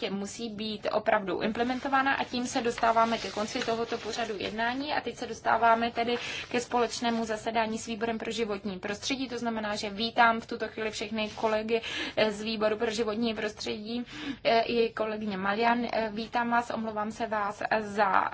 místě musí být opravdu implementována a tím se dostáváme ke konci tohoto pořadu jednání a teď se dostáváme tedy ke společnému zasedání s výborem pro životní prostředí. To znamená, že vítám v tuto chvíli všechny kolegy eh, z výboru pro životní prostředí eh, i kolegyně Malian. Eh, vítám vás, omlouvám se vás za,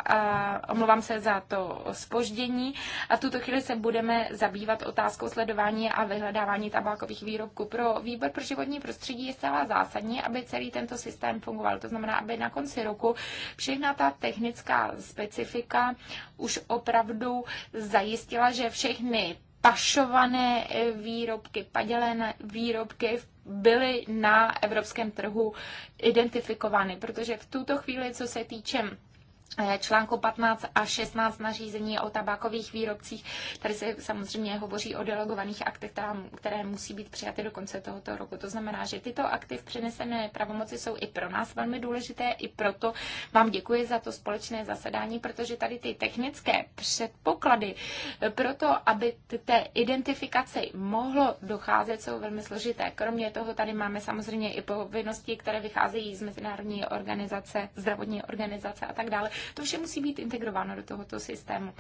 omlouvám se za to spoždění a v tuto chvíli se budeme zabývat otázkou sledování a vyhledávání tabákových výrobků. Pro výbor pro životní prostředí je zcela zásadní, aby celý tento systém fungoval fungovalo. To znamená, aby na konci roku všechna ta technická specifika už opravdu zajistila, že všechny pašované výrobky, padělené výrobky byly na evropském trhu identifikovány, protože v tuto chvíli, co se týče Eh, článku 15 a 16 nařízení o tabákových výrobcích. Tady se samozřejmě hovoří o delegovaných aktech, které musí být přijaty do konce tohoto roku. To znamená, že tyto akty v přenesené pravomoci jsou i pro nás velmi důležité, i proto vám děkuji za to společné zasedání, protože tady ty technické předpoklady eh, pro to, aby té identifikaci mohlo docházet, jsou velmi složité. Kromě toho tady máme samozřejmě i povinnosti, které vycházejí z Mezinárodní organizace, zdravotní organizace a tak dále. To vše musí být integrováno do tohoto systému.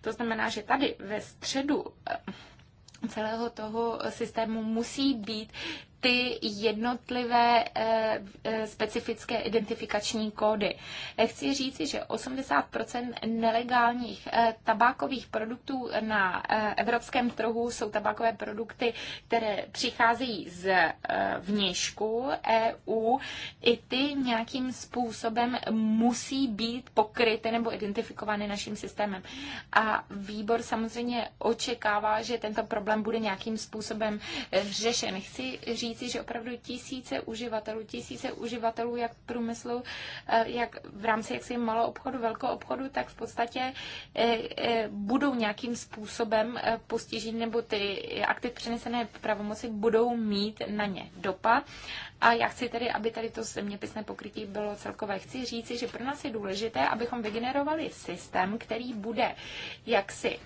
To znamená, že tady ve středu eh, celého toho systému musí být ty jednotlivé eh, eh, specifické identifikační kódy. Eh, chci říci, že 80 nelegálních tabákových produktů na evropském trhu jsou tabákové produkty, které přicházejí z vnějšku EU. I ty nějakým způsobem musí být pokryty nebo identifikovány naším systémem. A výbor samozřejmě očekává, že tento problém bude nějakým způsobem řešen. Chci říct, říci, že opravdu tisíce uživatelů, tisíce uživatelů jak průmyslu, eh, jak v rámci jaksi malou obchodu, velkou obchodu, tak v podstatě eh, eh, budou nějakým způsobem postižit nebo ty aktiv přenesené pravomoci budou mít na ně dopad. A já chci tedy, aby tady to zeměpisné pokrytí bylo celkové. Chci říci, že pro nás je důležité, abychom vygenerovali systém, který bude jaksi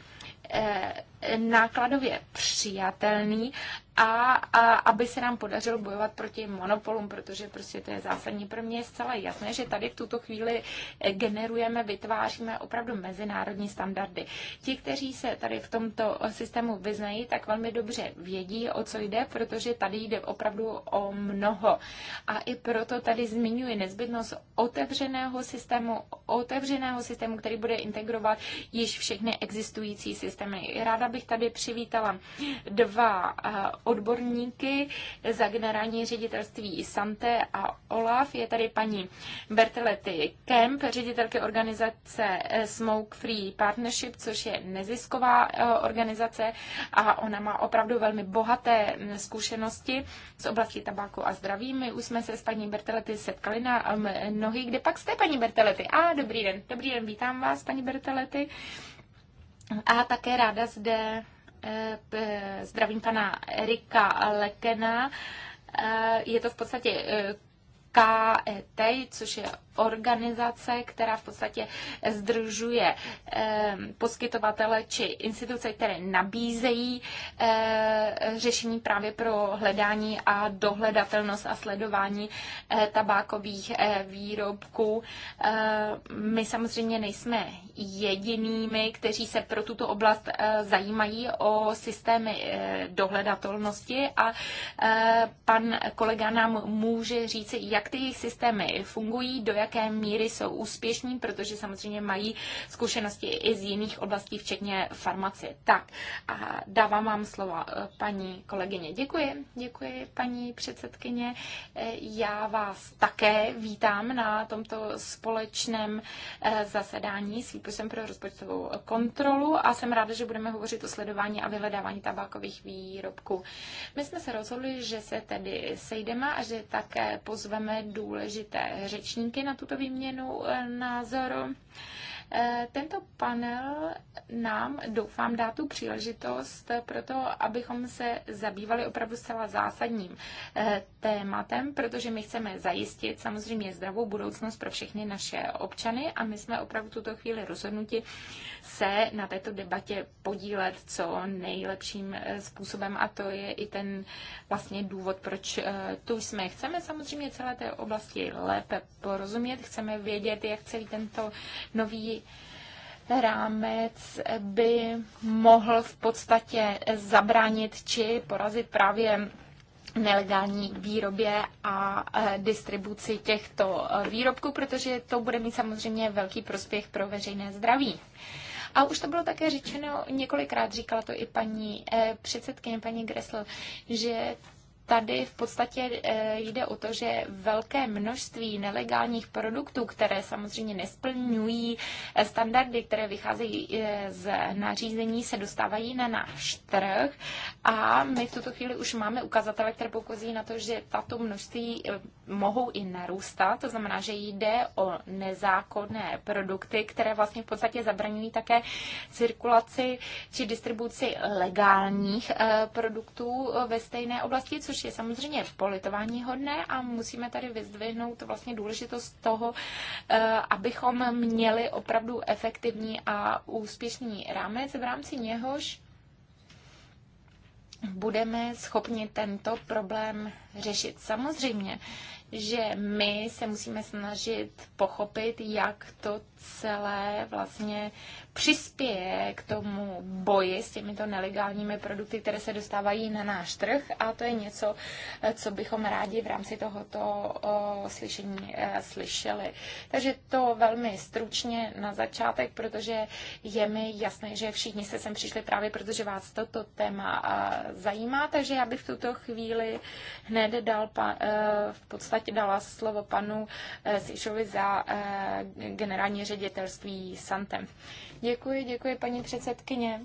nákladově přijatelný a, a aby se nám podařilo bojovat proti monopolům, protože prostě to je zásadní. Pro mě je zcela jasné, že tady v tuto chvíli eh, generujeme, vytváříme opravdu mezinárodní standardy. Ti, kteří se tady v tomto eh, systému vyznají, tak velmi dobře vědí, o co jde, protože tady jde opravdu o mnoho. A i proto tady zmiňuji nezbytnost otevřeného systému, otevřeného systému, který bude integrovat již všechny existující systémy. Ráda bych tady přivítala dva eh, odborníky za generální ředitelství Sante a OLAF. Je tady paní Bertelety Kemp, ředitelky organizace Smoke Free Partnership, což je nezisková eh, organizace a ona má opravdu velmi bohaté hm, zkušenosti z oblasti tabáku a zdraví. My už jsme se s paní Bertelety setkali na hm, nohy. Kde pak jste, paní Bertelety? A, ah, dobrý den, dobrý den, vítám vás, paní Bertelety. A také ráda zde Eh, zdravím pana Erika Lekena. Eh, je to v podstatě eh, KET, což je organizace, která v podstatě združuje poskytovatele či instituce, které nabízejí eh, řešení právě pro hledání a dohledatelnost a sledování eh, tabákových eh, výrobků. My samozřejmě nejsme jedinými, kteří se pro tuto oblast zajímají o systémy dohledatelnosti a pan kolega nám může říci, jak ty jejich systémy fungují, do jak jaké míry jsou úspěšní, protože samozřejmě mají zkušenosti i z jiných oblastí, včetně farmacie. Tak a dávám vám slova eh, paní kolegyně. Děkuji, děkuji paní předsedkyně. Eh, já vás také vítám na tomto společném eh, zasedání s výpisem pro rozpočtovou kontrolu a jsem ráda, že budeme hovořit o sledování a vyhledávání tabákových výrobků. My jsme se rozhodli, že se tedy sejdeme a že také pozveme důležité řečníky na tuto výměnu eh, názoru. Eh, tento panel nám, doufám, dá tu příležitost pro to, abychom se zabývali opravdu zcela zásadním eh, tématem, protože my chceme zajistit samozřejmě zdravou budoucnost pro všechny naše občany a my jsme opravdu tuto chvíli rozhodnuti se na této debatě podílet co nejlepším eh, způsobem a to je i ten vlastně důvod, proč eh, tu jsme. Chceme samozřejmě celé té oblasti lépe porozumět, chceme vědět, jak celý tento nový rámec by mohl v podstatě zabránit či porazit právě nelegální výrobě a eh, distribuci těchto výrobků, protože to bude mít samozřejmě velký prospěch pro veřejné zdraví. A už to bylo také řečeno několikrát, říkala to i paní eh, předsedkyně, paní Gressel, že tady v podstatě eh, jde o to, že velké množství nelegálních produktů, které samozřejmě nesplňují eh, standardy, které vycházejí eh, z nařízení, se dostávají na náš trh a my v tuto chvíli už máme ukazatele, které poukazují na to, že tato množství mohou i narůstat, to znamená, že jde o nezákonné produkty, které vlastně v podstatě zabraňují také cirkulaci či distribuci legálních produktů ve stejné oblasti, což což je samozřejmě politování hodné a musíme tady vyzdvihnout vlastně důležitost toho, eh, abychom měli opravdu efektivní a úspěšný rámec, v rámci něhož budeme schopni tento problém řešit. Samozřejmě, že my se musíme snažit pochopit, jak to celé vlastně přispěje k tomu boji s těmito nelegálními produkty, které se dostávají na náš trh a to je něco, co bychom rádi v rámci tohoto slyšení e, slyšeli. Takže to velmi stručně na začátek, protože je mi jasné, že všichni se sem přišli právě protože vás toto téma e, zajímá, takže já bych v tuto chvíli hned dal e, v podstatě dala slovo panu Sišovi za generální ředitelství Santem. Děkuji, děkuji paní předsedkyně.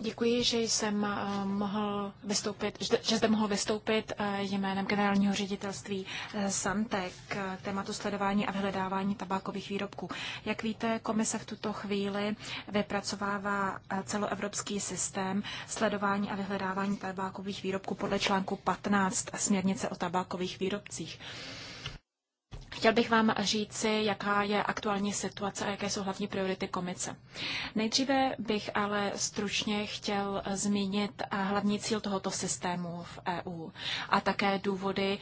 Děkuji, že jsem eh, mohl vystoupit, že zde mohl vystoupit eh, jménem generálního ředitelství eh, Santek k tématu sledování a vyhledávání tabákových výrobků. Jak víte, komise v tuto chvíli vypracovává celoevropský systém sledování a vyhledávání tabákových výrobků podle článku 15 směrnice o tabákových výrobcích. Chtěl bych vám říci, jaká je aktuální situace a jaké jsou hlavní priority komice. Nejdříve bych ale stručně chtěl zmínit hlavní cíl tohoto systému v EU a také důvody,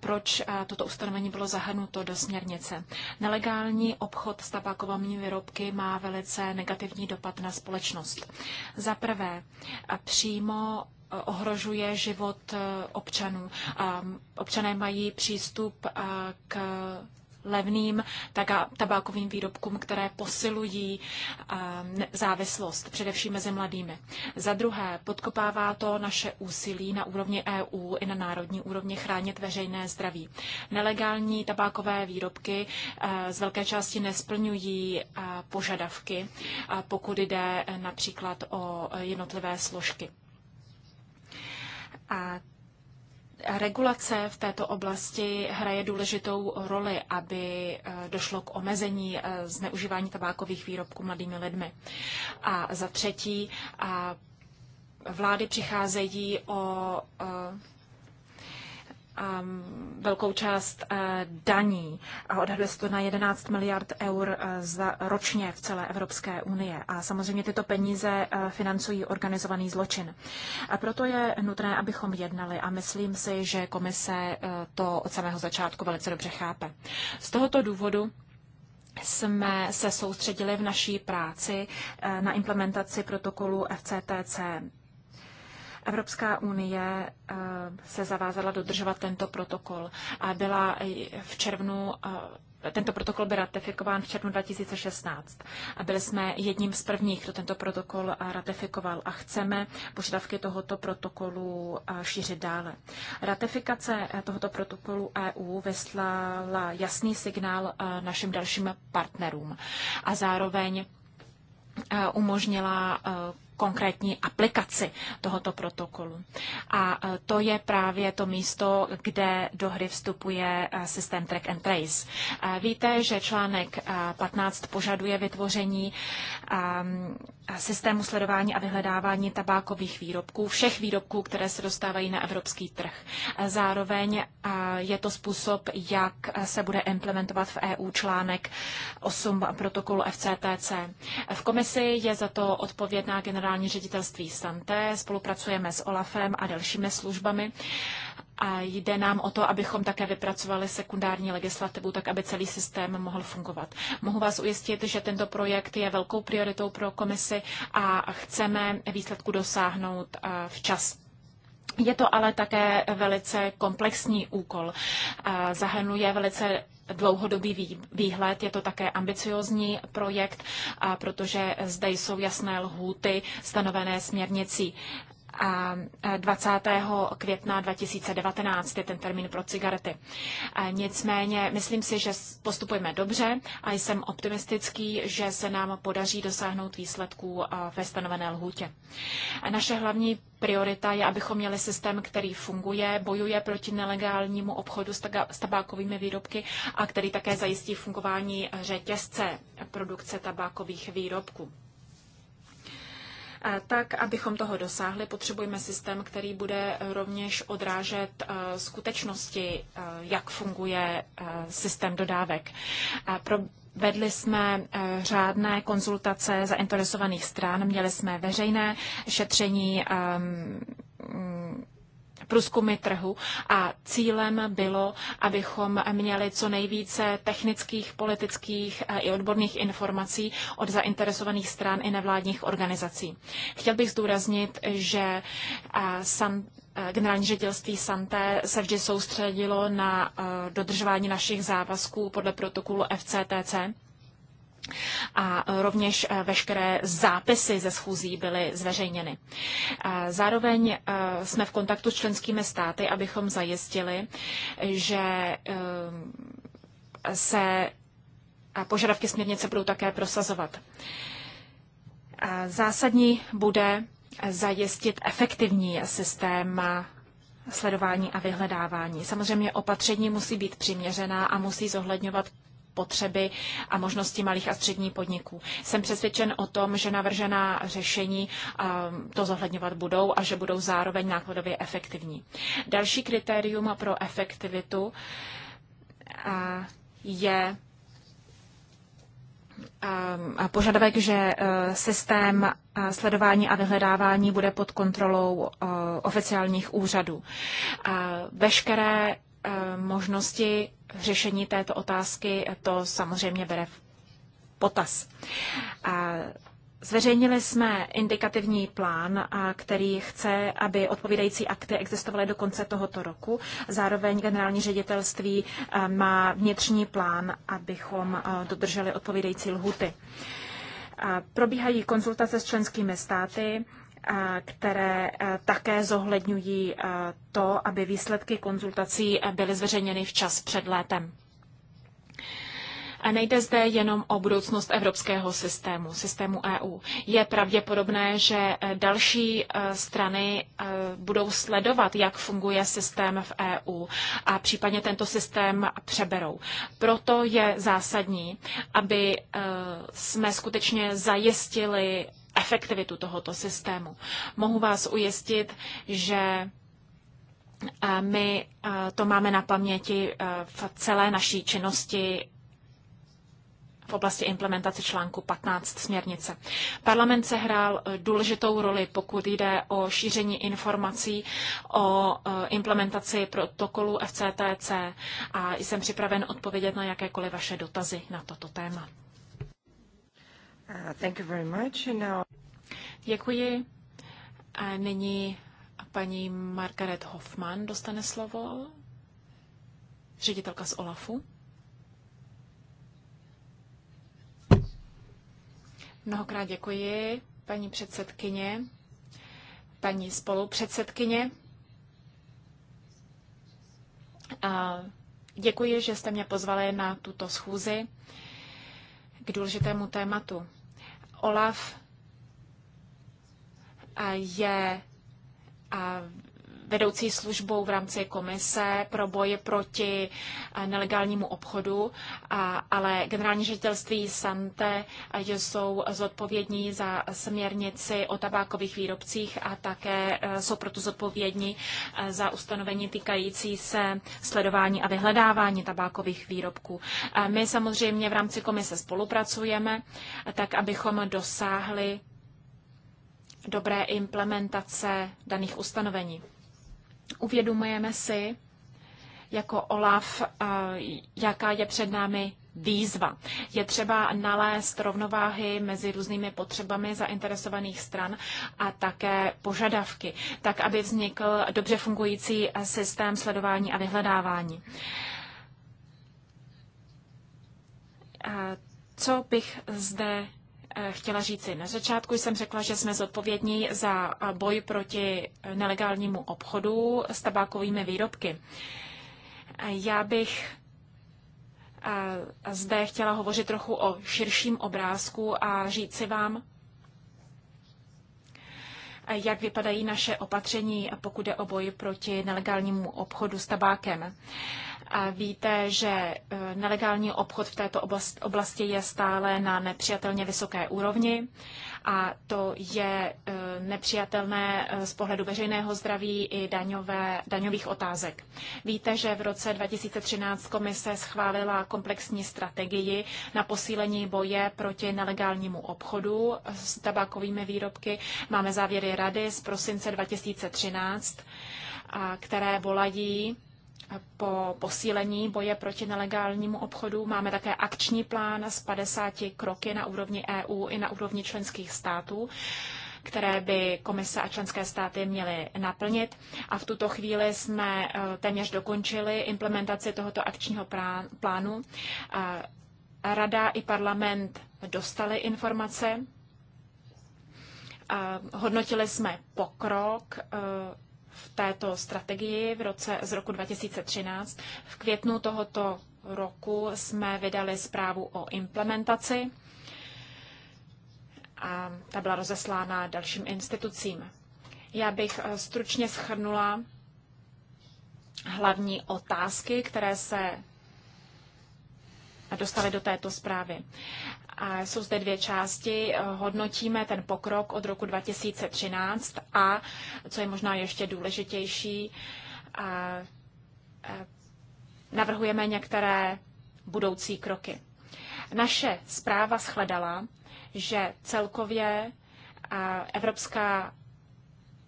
proč toto ustanovení bylo zahrnuto do směrnice. Nelegální obchod s tabákovými výrobky má velice negativní dopad na společnost. Za prvé, přímo ohrožuje život eh, občanů. Mm, občané mají přístup eh, k levným tabákovým výrobkům, které posilují eh, závislost, především mezi mladými. Za druhé, podkopává to naše úsilí na úrovni EU i na národní úrovni chránit veřejné zdraví. Nelegální tabákové výrobky z velké části nesplňují požadavky, pokud jde například o jednotlivé složky. A regulace v této oblasti hraje důležitou roli, aby eh, došlo k omezení eh, zneužívání tabákových výrobků mladými lidmi. A za třetí, vlády přicházejí o eh, Um, velkou část eh, daní a odhaduje se to na 11 miliard eur eh, za, ročně v celé Evropské unie. A samozřejmě tyto peníze eh, financují organizovaný zločin. A proto je nutné, abychom jednali a myslím si, že komise to od samého začátku velice dobře chápe. Z tohoto důvodu jsme se soustředili v naší práci na implementaci protokolu FCTC Evropská unie eh, se zavázala dodržovat tento protokol a byla v červnu eh, tento protokol byl ratifikován v červnu 2016 a byli jsme jedním z prvních, kdo tento protokol eh, ratifikoval a chceme požadavky tohoto protokolu šířit dále. Ratifikace tohoto protokolu EU vyslala jasný signál našim dalším partnerům a zároveň umožnila konkrétní aplikaci tohoto protokolu. A e, to je právě to místo, kde do hry vstupuje e, systém track and trace. E, víte, že článek 15 požaduje vytvoření ehm, systému sledování a vyhledávání tabákových výrobků, všech výrobků, které se dostávají na evropský trh. Zároveň je to způsob, jak se bude implementovat v EU článek 8 protokolu FCTC. V komisi je za to odpovědná generální generální ředitelství Santé, spolupracujeme s OLAFem a dalšími službami. A jde nám o to, abychom také vypracovali sekundární legislativu, tak aby celý systém mohl fungovat. Mohu vás ujistit, že tento projekt je velkou prioritou pro komisi a chceme výsledku dosáhnout včas. Je to ale také velice komplexní úkol. Zahrnuje velice dlouhodobý výhled. Je to také ambiciozní projekt, protože zde jsou jasné lhůty stanovené směrnicí. 20. května 2019 je ten termín pro cigarety. Nicméně myslím si, že postupujeme dobře a jsem optimistický, že se nám podaří dosáhnout výsledků ve stanovené lhůtě. Naše hlavní priorita je, abychom měli systém, který funguje, bojuje proti nelegálnímu obchodu s tabákovými výrobky a který také zajistí fungování řetězce produkce tabákových výrobků. Tak, abychom toho dosáhli, potřebujeme systém, který bude rovněž odrážet eh, skutečnosti, eh, jak funguje eh, systém dodávek. Pro Vedli jsme řádné konzultace zainteresovaných stran, měli jsme veřejné šetření ehm, průzkumy trhu a cílem bylo, abychom měli co nejvíce technických, politických i odborných informací od zainteresovaných stran i nevládních organizací. Chtěl bych zdůraznit, že sam generální ředitelství Santé se vždy soustředilo na dodržování našich závazků podle protokolu FCTC a rovněž eh, veškeré zápisy ze schůzí byly zveřejněny. Eh, zároveň eh, jsme v kontaktu s členskými státy, abychom zajistili, že se požadavky směrnice budou také prosazovat. Zásadní bude zajistit efektivní systém sledování a vyhledávání. Samozřejmě opatření musí být přiměřená a musí zohledňovat potřeby a možnosti malých a středních podniků. Jsem přesvědčen o tom, že navržená řešení ehm, to zohledňovat budou a že budou zároveň nákladově efektivní. Další kritérium pro efektivitu je ehm, požadavek, že e, systém e, sledování a vyhledávání bude pod kontrolou e, oficiálních úřadů. Veškeré Eh, možnosti řešení této otázky to samozřejmě bere v potaz. Zveřejnili jsme indikativní plán, který chce, aby odpovídající akty existovaly do konce tohoto roku. Zároveň generální ředitelství eh, má vnitřní plán, abychom eh, dodrželi odpovídající lhuty. Probíhají konzultace s členskými státy které eh, také zohledňují eh, to, aby výsledky konzultací eh, byly zveřejněny včas před létem. A nejde zde jenom o budoucnost evropského systému, systému EU. Je pravděpodobné, že další strany budou sledovat, jak funguje systém v EU a případně tento systém přeberou. Proto je zásadní, aby jsme skutečně zajistili efektivitu tohoto systému. Mohu vás ujistit, že eh, my eh, to máme na paměti eh, v celé naší činnosti v oblasti implementace článku 15 směrnice. Parlament se hrál důležitou roli, pokud jde o šíření informací o implementaci protokolu FCTC a jsem připraven odpovědět na jakékoliv vaše dotazy na toto téma. Uh, thank you very much. Now... Děkuji. A nyní paní Margaret Hoffman dostane slovo, ředitelka z OLAFu. Mnohokrát děkuji, paní předsedkyně, paní spolupředsedkyně. A děkuji, že jste mě pozvali na tuto schůzi k důležitému tématu. Olaf je vedoucí službou v rámci komise pro boje proti eh, nelegálnímu obchodu, ale generální ředitelství Sante eh, jsou zodpovědní za směrnici o tabákových výrobcích a také eh, jsou proto zodpovědní za ustanovení týkající se sledování a vyhledávání tabákových výrobků. My samozřejmě v rámci komise spolupracujeme, tak abychom dosáhli dobré implementace daných ustanovení. Uvědomujeme si jako OLAF, eh, jaká je před námi výzva. Je třeba nalézt rovnováhy mezi různými potřebami zainteresovaných stran a také požadavky, tak aby vznikl dobře fungující eh, systém sledování a vyhledávání. Eh, co bych zde Eh, chtěla říci. Na začátku jsem řekla, že jsme zodpovědní za eh, boj proti eh, nelegálnímu obchodu s tabákovými výrobky. Já bych zde chtěla hovořit trochu o širším obrázku a říci vám, jak vypadají naše opatření, pokud jde o boj proti nelegálnímu obchodu s tabákem. Víte, že eh, nelegální obchod v této oblasti je stále na nepřijatelně vysoké úrovni a to je eh, nepřijatelné eh, z pohledu veřejného zdraví i daňové, daňových otázek. Víte, že v roce 2013 komise schválila komplexní strategii na posílení boje proti nelegálnímu obchodu s tabákovými výrobky. Máme závěry rady z prosince 2013, které volají po posílení boje proti nelegálnímu obchodu. Máme také akční plán z 50 kroky na úrovni EU i na úrovni členských států které by komise a členské státy měly naplnit. A v tuto chvíli jsme eh, téměř dokončili implementaci tohoto akčního plánu. Eh, Rada i parlament dostali informace. Eh, hodnotili jsme pokrok v této strategii v roce, z roku 2013. V květnu tohoto roku jsme vydali zprávu o implementaci a ta byla rozeslána dalším institucím. Já bych eh, stručně schrnula hlavní otázky, které se dostaly do této zprávy. Jsou zde dvě části. Eh, hodnotíme ten pokrok od roku 2013 a, co je možná ještě důležitější, navrhujeme některé budoucí kroky. Naše zpráva shledala, že celkově Evropská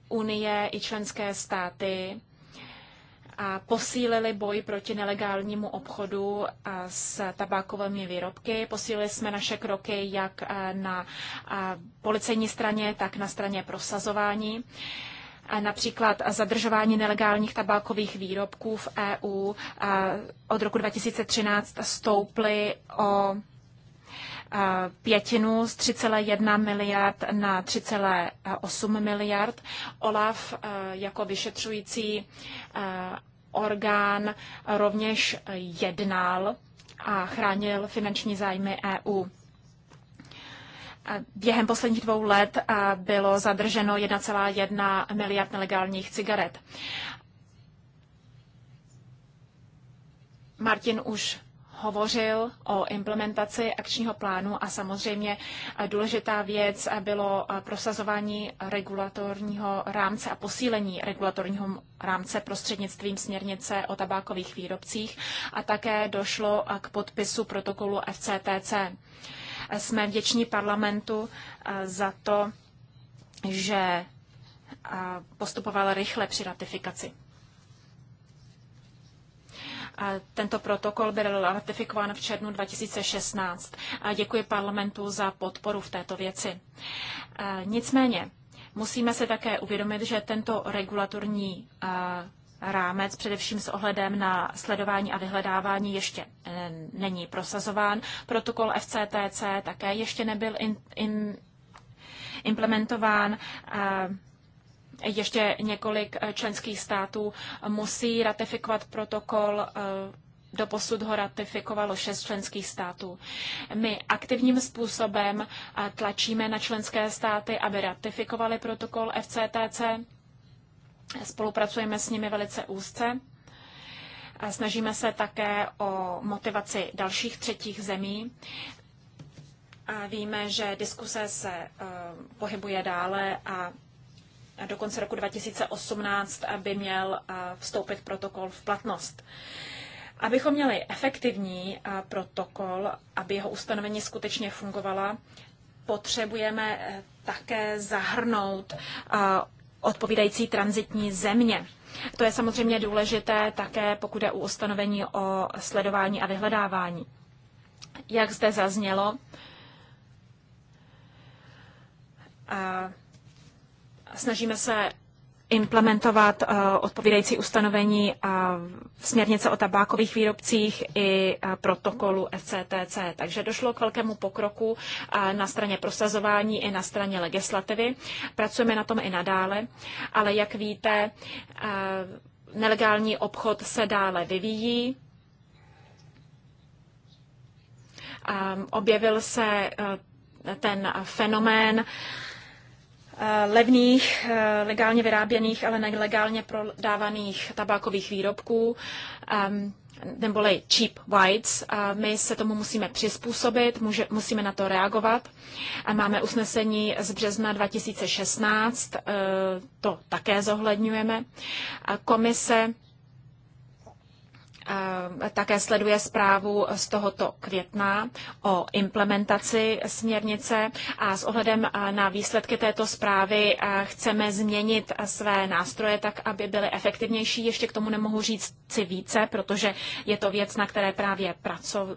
unie i členské státy posílili boj proti nelegálnímu obchodu s tabákovými výrobky. Posílili jsme naše kroky jak e, na policejní straně, tak na straně prosazování například zadržování nelegálních tabákových výrobků v EU od roku 2013 stouply o pětinu z 3,1 miliard na 3,8 miliard. OLAF e, jako vyšetřující e, orgán rovněž jednal a chránil finanční zájmy EU. Během posledních dvou let bylo zadrženo 1,1 miliard nelegálních cigaret. Martin už hovořil o implementaci akčního plánu a samozřejmě důležitá věc bylo prosazování regulatorního rámce a posílení regulatorního rámce prostřednictvím směrnice o tabákových výrobcích a také došlo k podpisu protokolu FCTC. Jsme vděční parlamentu eh, za to, že eh, postupoval rychle při ratifikaci. Tento protokol byl ratifikován v červnu 2016. Děkuji parlamentu za podporu v této věci. Nicméně, musíme se také uvědomit, že tento regulatorní rámec, především s ohledem na sledování a vyhledávání, ještě e, není prosazován. Protokol FCTC také ještě nebyl in, in, implementován ještě několik eh, členských států musí ratifikovat protokol eh, posud ho ratifikovalo šest členských států. My aktivním způsobem eh, tlačíme na členské státy, aby ratifikovali protokol FCTC. Spolupracujeme s nimi velice úzce. A snažíme se také o motivaci dalších třetích zemí. A víme, že diskuse se pohybuje dále a do konce roku 2018 by měl vstoupit protokol v platnost. Abychom měli efektivní protokol, aby jeho ustanovení skutečně fungovala, potřebujeme e, také zahrnout odpovídající transitní země. To je samozřejmě důležité také, pokud je u ustanovení o sledování a vyhledávání. Jak zde zaznělo, Snažíme se implementovat eh, odpovídající ustanovení eh, v směrnice o tabákových výrobcích i eh, protokolu FCTC. Takže došlo k velkému pokroku na straně prosazování i na straně legislativy. Pracujeme na tom i nadále, ale jak víte, nelegální obchod se dále vyvíjí. Objevil se ten fenomén Eh, levných, eh, legálně vyráběných, ale nelegálně prodávaných tabákových výrobků, neboli cheap whites. My se tomu musíme přizpůsobit, může, musíme na to reagovat. Máme usnesení z března 2016, eh, to také zohledňujeme. Komise Ehm, také sleduje zprávu z tohoto května o implementaci směrnice a s ohledem eh, na výsledky této zprávy eh, chceme změnit eh, své nástroje tak, aby byly efektivnější. Ještě k tomu nemohu říct si více, protože je to věc, na které právě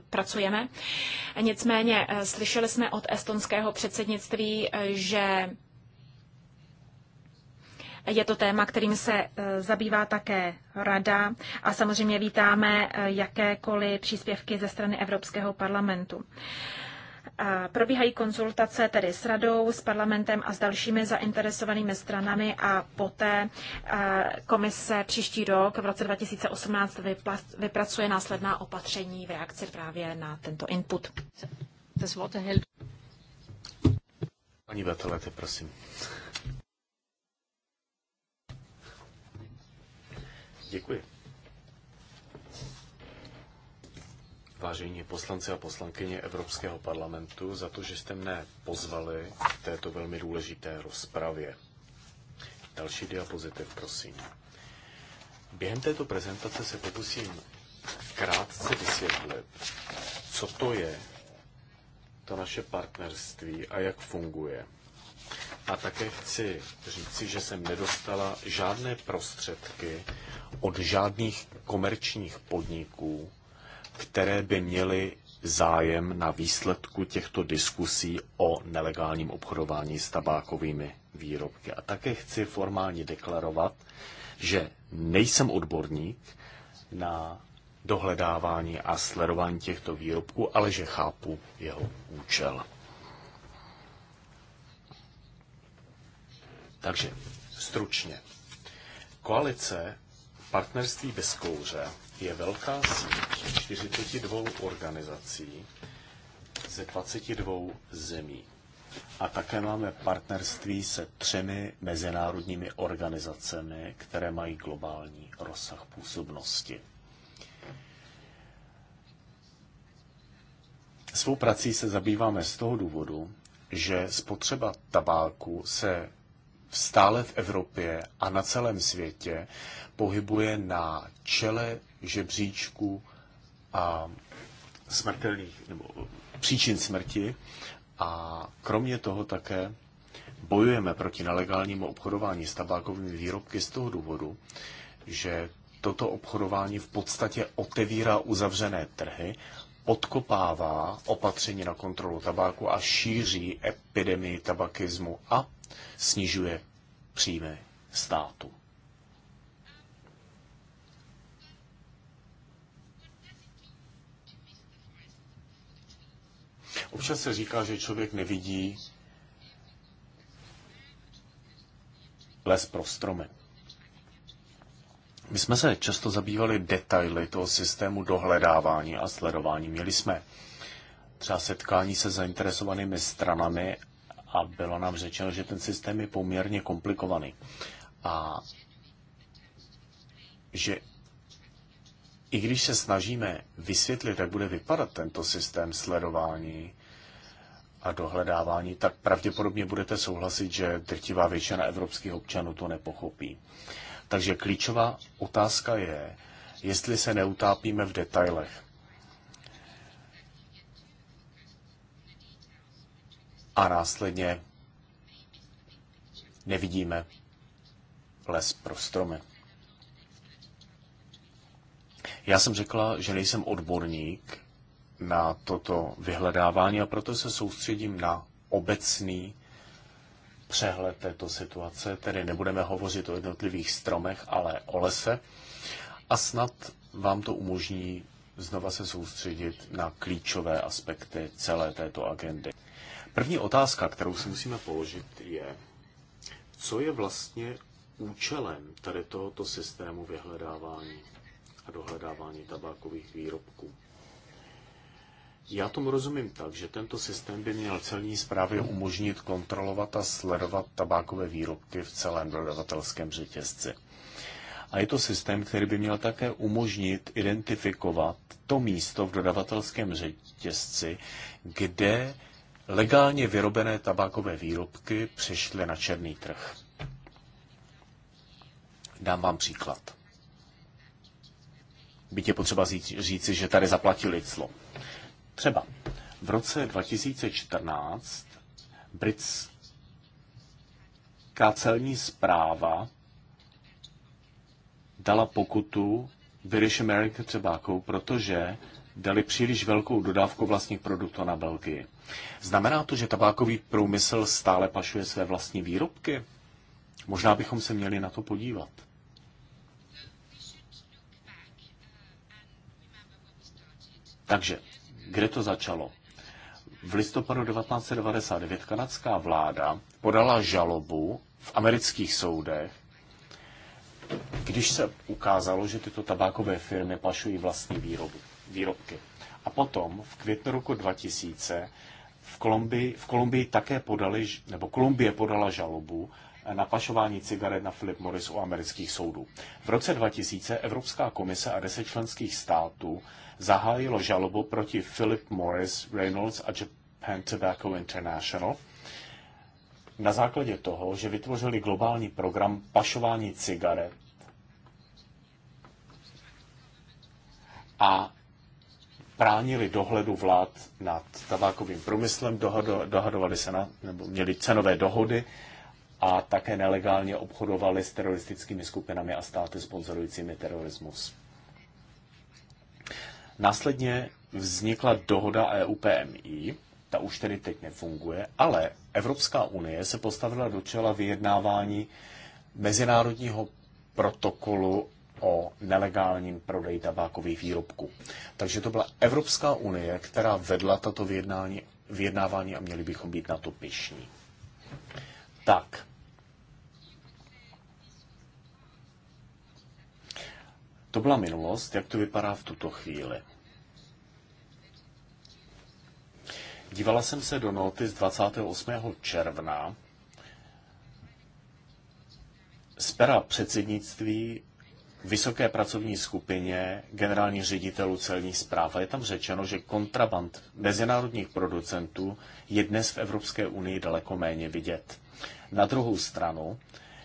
pracujeme. Nicméně slyšeli jsme od estonského předsednictví, že je to téma, kterým se e, zabývá také Rada a samozřejmě vítáme e, jakékoliv příspěvky ze strany Evropského parlamentu. E, probíhají konzultace tedy s radou, s parlamentem a s dalšími zainteresovanými stranami a poté komise příští rok v roce 2018 vypracuje následná opatření v reakci právě na tento input. Pani Vatelete, prosím. Děkuji. Vážení poslanci a poslankyně Evropského parlamentu, za to, že jste mne pozvali k této velmi důležité rozpravě. Další diapozitiv, prosím. Během této prezentace se pokusím krátce vysvětlit, co to je to naše partnerství a jak funguje. A také chci říci, že jsem nedostala žádné prostředky od žádných komerčních podniků, které by měly zájem na výsledku těchto diskusí o nelegálním obchodování s tabákovými výrobky. A také chci formálně deklarovat, že nejsem odborník na dohledávání a sledování těchto výrobků, ale že chápu jeho účel. Takže stručně. Koalice Partnerství bez kouře je velká síť 42 organizací ze 22 zemí. A také máme partnerství se třemi mezinárodními organizacemi, které mají globální rozsah působnosti. Svou prací se zabýváme z toho důvodu, že spotřeba tabáku se stále v Evropě a na celém světě pohybuje na čele žebříčku a smrtelných nebo příčin smrti a kromě toho také bojujeme proti nelegálnímu obchodování s tabákovými výrobky z toho důvodu, že toto obchodování v podstatě otevírá uzavřené trhy, podkopává opatření na kontrolu tabáku a šíří epidemii tabakismu a snižuje příjmy státu. Občas se říká, že člověk nevidí les pro stromy. My jsme se často zabývali detaily toho systému dohledávání a sledování. Měli jsme třeba setkání se zainteresovanými stranami a bylo nám řečeno, že ten systém je poměrně komplikovaný a že i když se snažíme vysvětlit, jak bude vypadat tento systém sledování a dohledávání, tak pravděpodobně budete souhlasit, že drtivá většina evropských občanů to nepochopí. Takže klíčová otázka je, jestli se neutápíme v detailech. a následně nevidíme les pro stromy. Já jsem řekla, že nejsem odborník na toto vyhledávání a proto se soustředím na obecný přehled této situace, tedy nebudeme hovořit o jednotlivých stromech, ale o lese a snad vám to umožní znova se soustředit na klíčové aspekty celé této agendy. První otázka, kterou si musíme položit, je, co je vlastně účelem tady tohoto systému vyhledávání a dohledávání tabákových výrobků. Já tomu rozumím tak, že tento systém by měl celní zprávě umožnit kontrolovat a sledovat tabákové výrobky v celém dodavatelském řetězci. A je to systém, který by měl také umožnit identifikovat to místo v dodavatelském řetězci, kde legálně vyrobené tabákové výrobky přešly na černý trh. Dám vám příklad. Byť je potřeba říci, že tady zaplatili clo. Třeba v roce 2014 britská celní zpráva dala pokutu British American Tobacco, protože dali příliš velkou dodávku vlastních produktů na Belgii. Znamená to, že tabákový průmysl stále pašuje své vlastní výrobky? Možná bychom se měli na to podívat. Takže, kde to začalo? V listopadu 1999 kanadská vláda podala žalobu v amerických soudech, když se ukázalo, že tyto tabákové firmy pašují vlastní výrobu, výrobky. A potom v květnu roku 2000 v Kolumbii, v Kolumbii také podali, nebo Kolumbie podala žalobu na pašování cigaret na Philip Morris u amerických soudů. V roce 2000 Evropská komise a deset členských států zahájilo žalobu proti Philip Morris, Reynolds a Japan Tobacco International na základě toho, že vytvořili globální program pašování cigaret a bránili dohledu vlád nad tabákovým průmyslem, dohado, dohadovali se na, nebo měli cenové dohody a také nelegálně obchodovali s teroristickými skupinami a státy sponzorujícími terorismus. Následně vznikla dohoda EUPMI, ta už tedy teď nefunguje, ale Evropská unie se postavila do čela vyjednávání mezinárodního protokolu o nelegálním prodeji tabákových výrobků. Takže to byla Evropská unie, která vedla tato vyjednání, vyjednávání a měli bychom být na to pišní. Tak. To byla minulost, jak to vypadá v tuto chvíli. Dívala jsem se do noty z 28. června z pera předsednictví vysoké pracovní skupině generálních ředitelů celních zpráv. A je tam řečeno, že kontraband mezinárodních producentů je dnes v Evropské unii daleko méně vidět. Na druhou stranu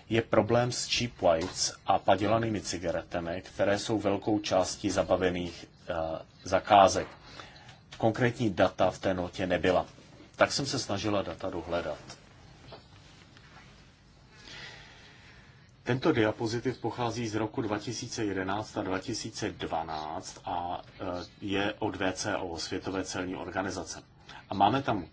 je problém s cheap whites a padělanými cigaretami, které jsou velkou částí zabavených uh, zakázek. Konkrétní data v té notě nebyla. Tak jsem se snažila data dohledat. Tento diapozitiv pochází z roku 2011 a 2012 a e, je od VCO, Světové celní organizace. A máme tam,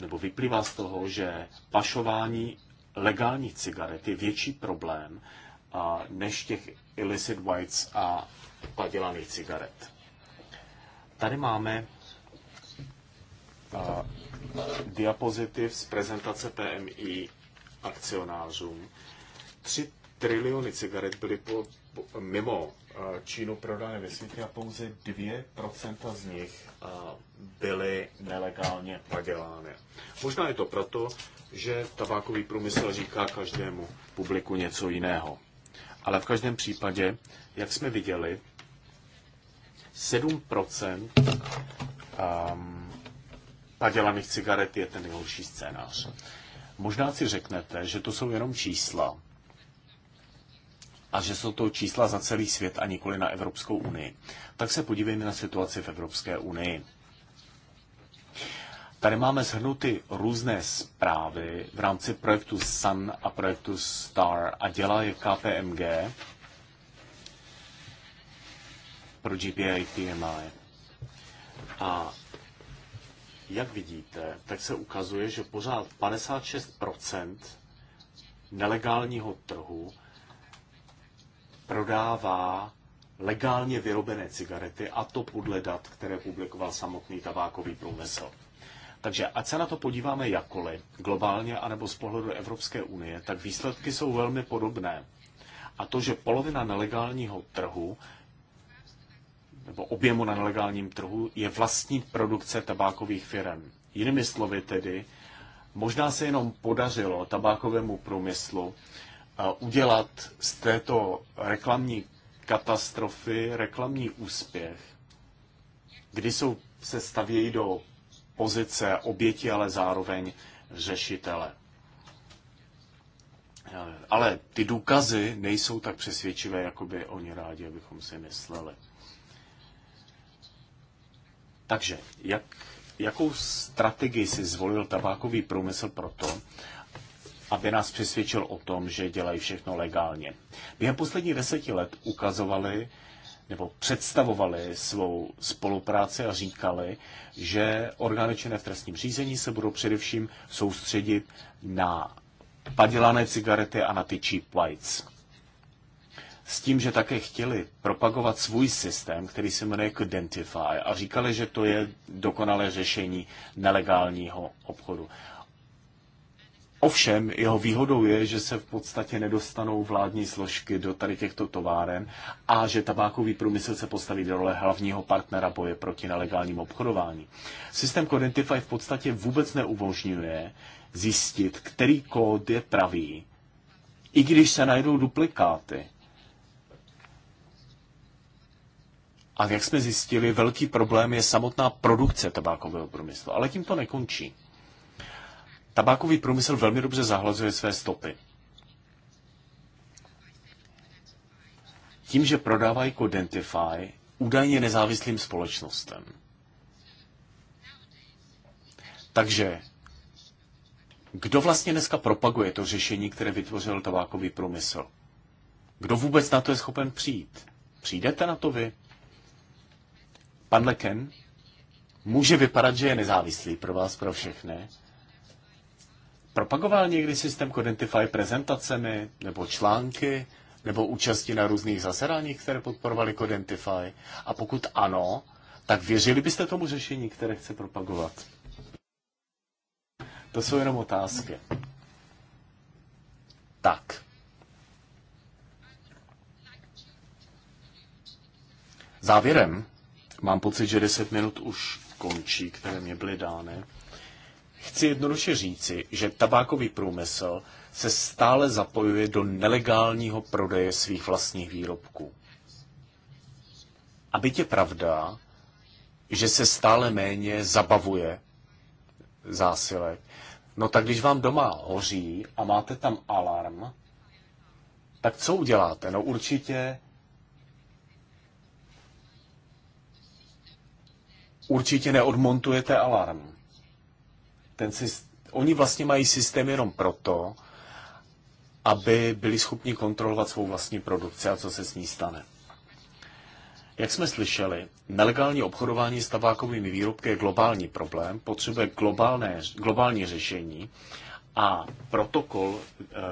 nebo vyplývá z toho, že pašování legálních cigaret je větší problém než těch illicit whites a padělaných cigaret. Tady máme diapozitiv z prezentace PMI akcionářům 3 triliony cigaret byly po, po, mimo eh, Čínu prodány ve světě a pouze 2% z nich eh, byly nelegálně padělány. Možná je to proto, že tabákový průmysl říká každému publiku něco jiného. Ale v každém případě, jak jsme viděli, 7% ehm, padělaných cigaret je ten nejhorší scénář. Možná si řeknete, že to jsou jenom čísla, a že jsou to čísla za celý svět a nikoli na Evropskou unii. Tak se podívejme na situaci v Evropské unii. Tady máme shrnuty různé zprávy v rámci projektu Sun a projektu Star a dělá je KPMG pro GPA PMI. A jak vidíte, tak se ukazuje, že pořád 56% nelegálního trhu prodává legálně vyrobené cigarety a to podle dat, které publikoval samotný tabákový průmysl. Takže ať se na to podíváme jakoli, globálně anebo z pohledu Evropské unie, tak výsledky jsou velmi podobné. A to, že polovina nelegálního trhu nebo objemu na nelegálním trhu je vlastní produkce tabákových firm. Jinými slovy tedy, možná se jenom podařilo tabákovému průmyslu udělat z této reklamní katastrofy reklamní úspěch, kdy jsou, se stavějí do pozice oběti, ale zároveň řešitele. Ale ty důkazy nejsou tak přesvědčivé, jako by oni rádi, abychom si mysleli. Takže, jak, jakou strategii si zvolil tabákový průmysl pro to, aby nás přesvědčil o tom, že dělají všechno legálně. Během posledních deseti let ukazovali nebo představovali svou spolupráci a říkali, že orgány činné v trestním řízení se budou především soustředit na padělané cigarety a na ty cheap whites. S tím, že také chtěli propagovat svůj systém, který se jmenuje Identify a říkali, že to je dokonalé řešení nelegálního obchodu. Ovšem, jeho výhodou je, že se v podstatě nedostanou vládní složky do tady těchto továren a že tabákový průmysl se postaví do role hlavního partnera boje proti nelegálním obchodování. Systém Codentify v podstatě vůbec neumožňuje zjistit, který kód je pravý, i když se najdou duplikáty. A jak jsme zjistili, velký problém je samotná produkce tabákového průmyslu. Ale tím to nekončí. Tabákový průmysl velmi dobře zahlazuje své stopy. Tím, že prodávají Codentify údajně nezávislým společnostem. Takže kdo vlastně dneska propaguje to řešení, které vytvořil tabákový průmysl? Kdo vůbec na to je schopen přijít? Přijdete na to vy? Pan Leken může vypadat, že je nezávislý pro vás, pro všechny, Propagoval někdy systém Codentify prezentacemi nebo články nebo účasti na různých zasedáních, které podporovali Codentify? A pokud ano, tak věřili byste tomu řešení, které chce propagovat? To jsou jenom otázky. Tak. Závěrem, mám pocit, že 10 minut už končí, které mě byly dány. Chci jednoduše říci, že tabákový průmysl se stále zapojuje do nelegálního prodeje svých vlastních výrobků. A byť je pravda, že se stále méně zabavuje zásilek, no tak když vám doma hoří a máte tam alarm, tak co uděláte? No určitě určitě neodmontujete alarm ten systém, oni vlastně mají systém jenom proto, aby byli schopni kontrolovat svou vlastní produkci a co se s ní stane. Jak jsme slyšeli, nelegální obchodování s tabákovými výrobky je globální problém, potřebuje globálné, globální řešení a protokol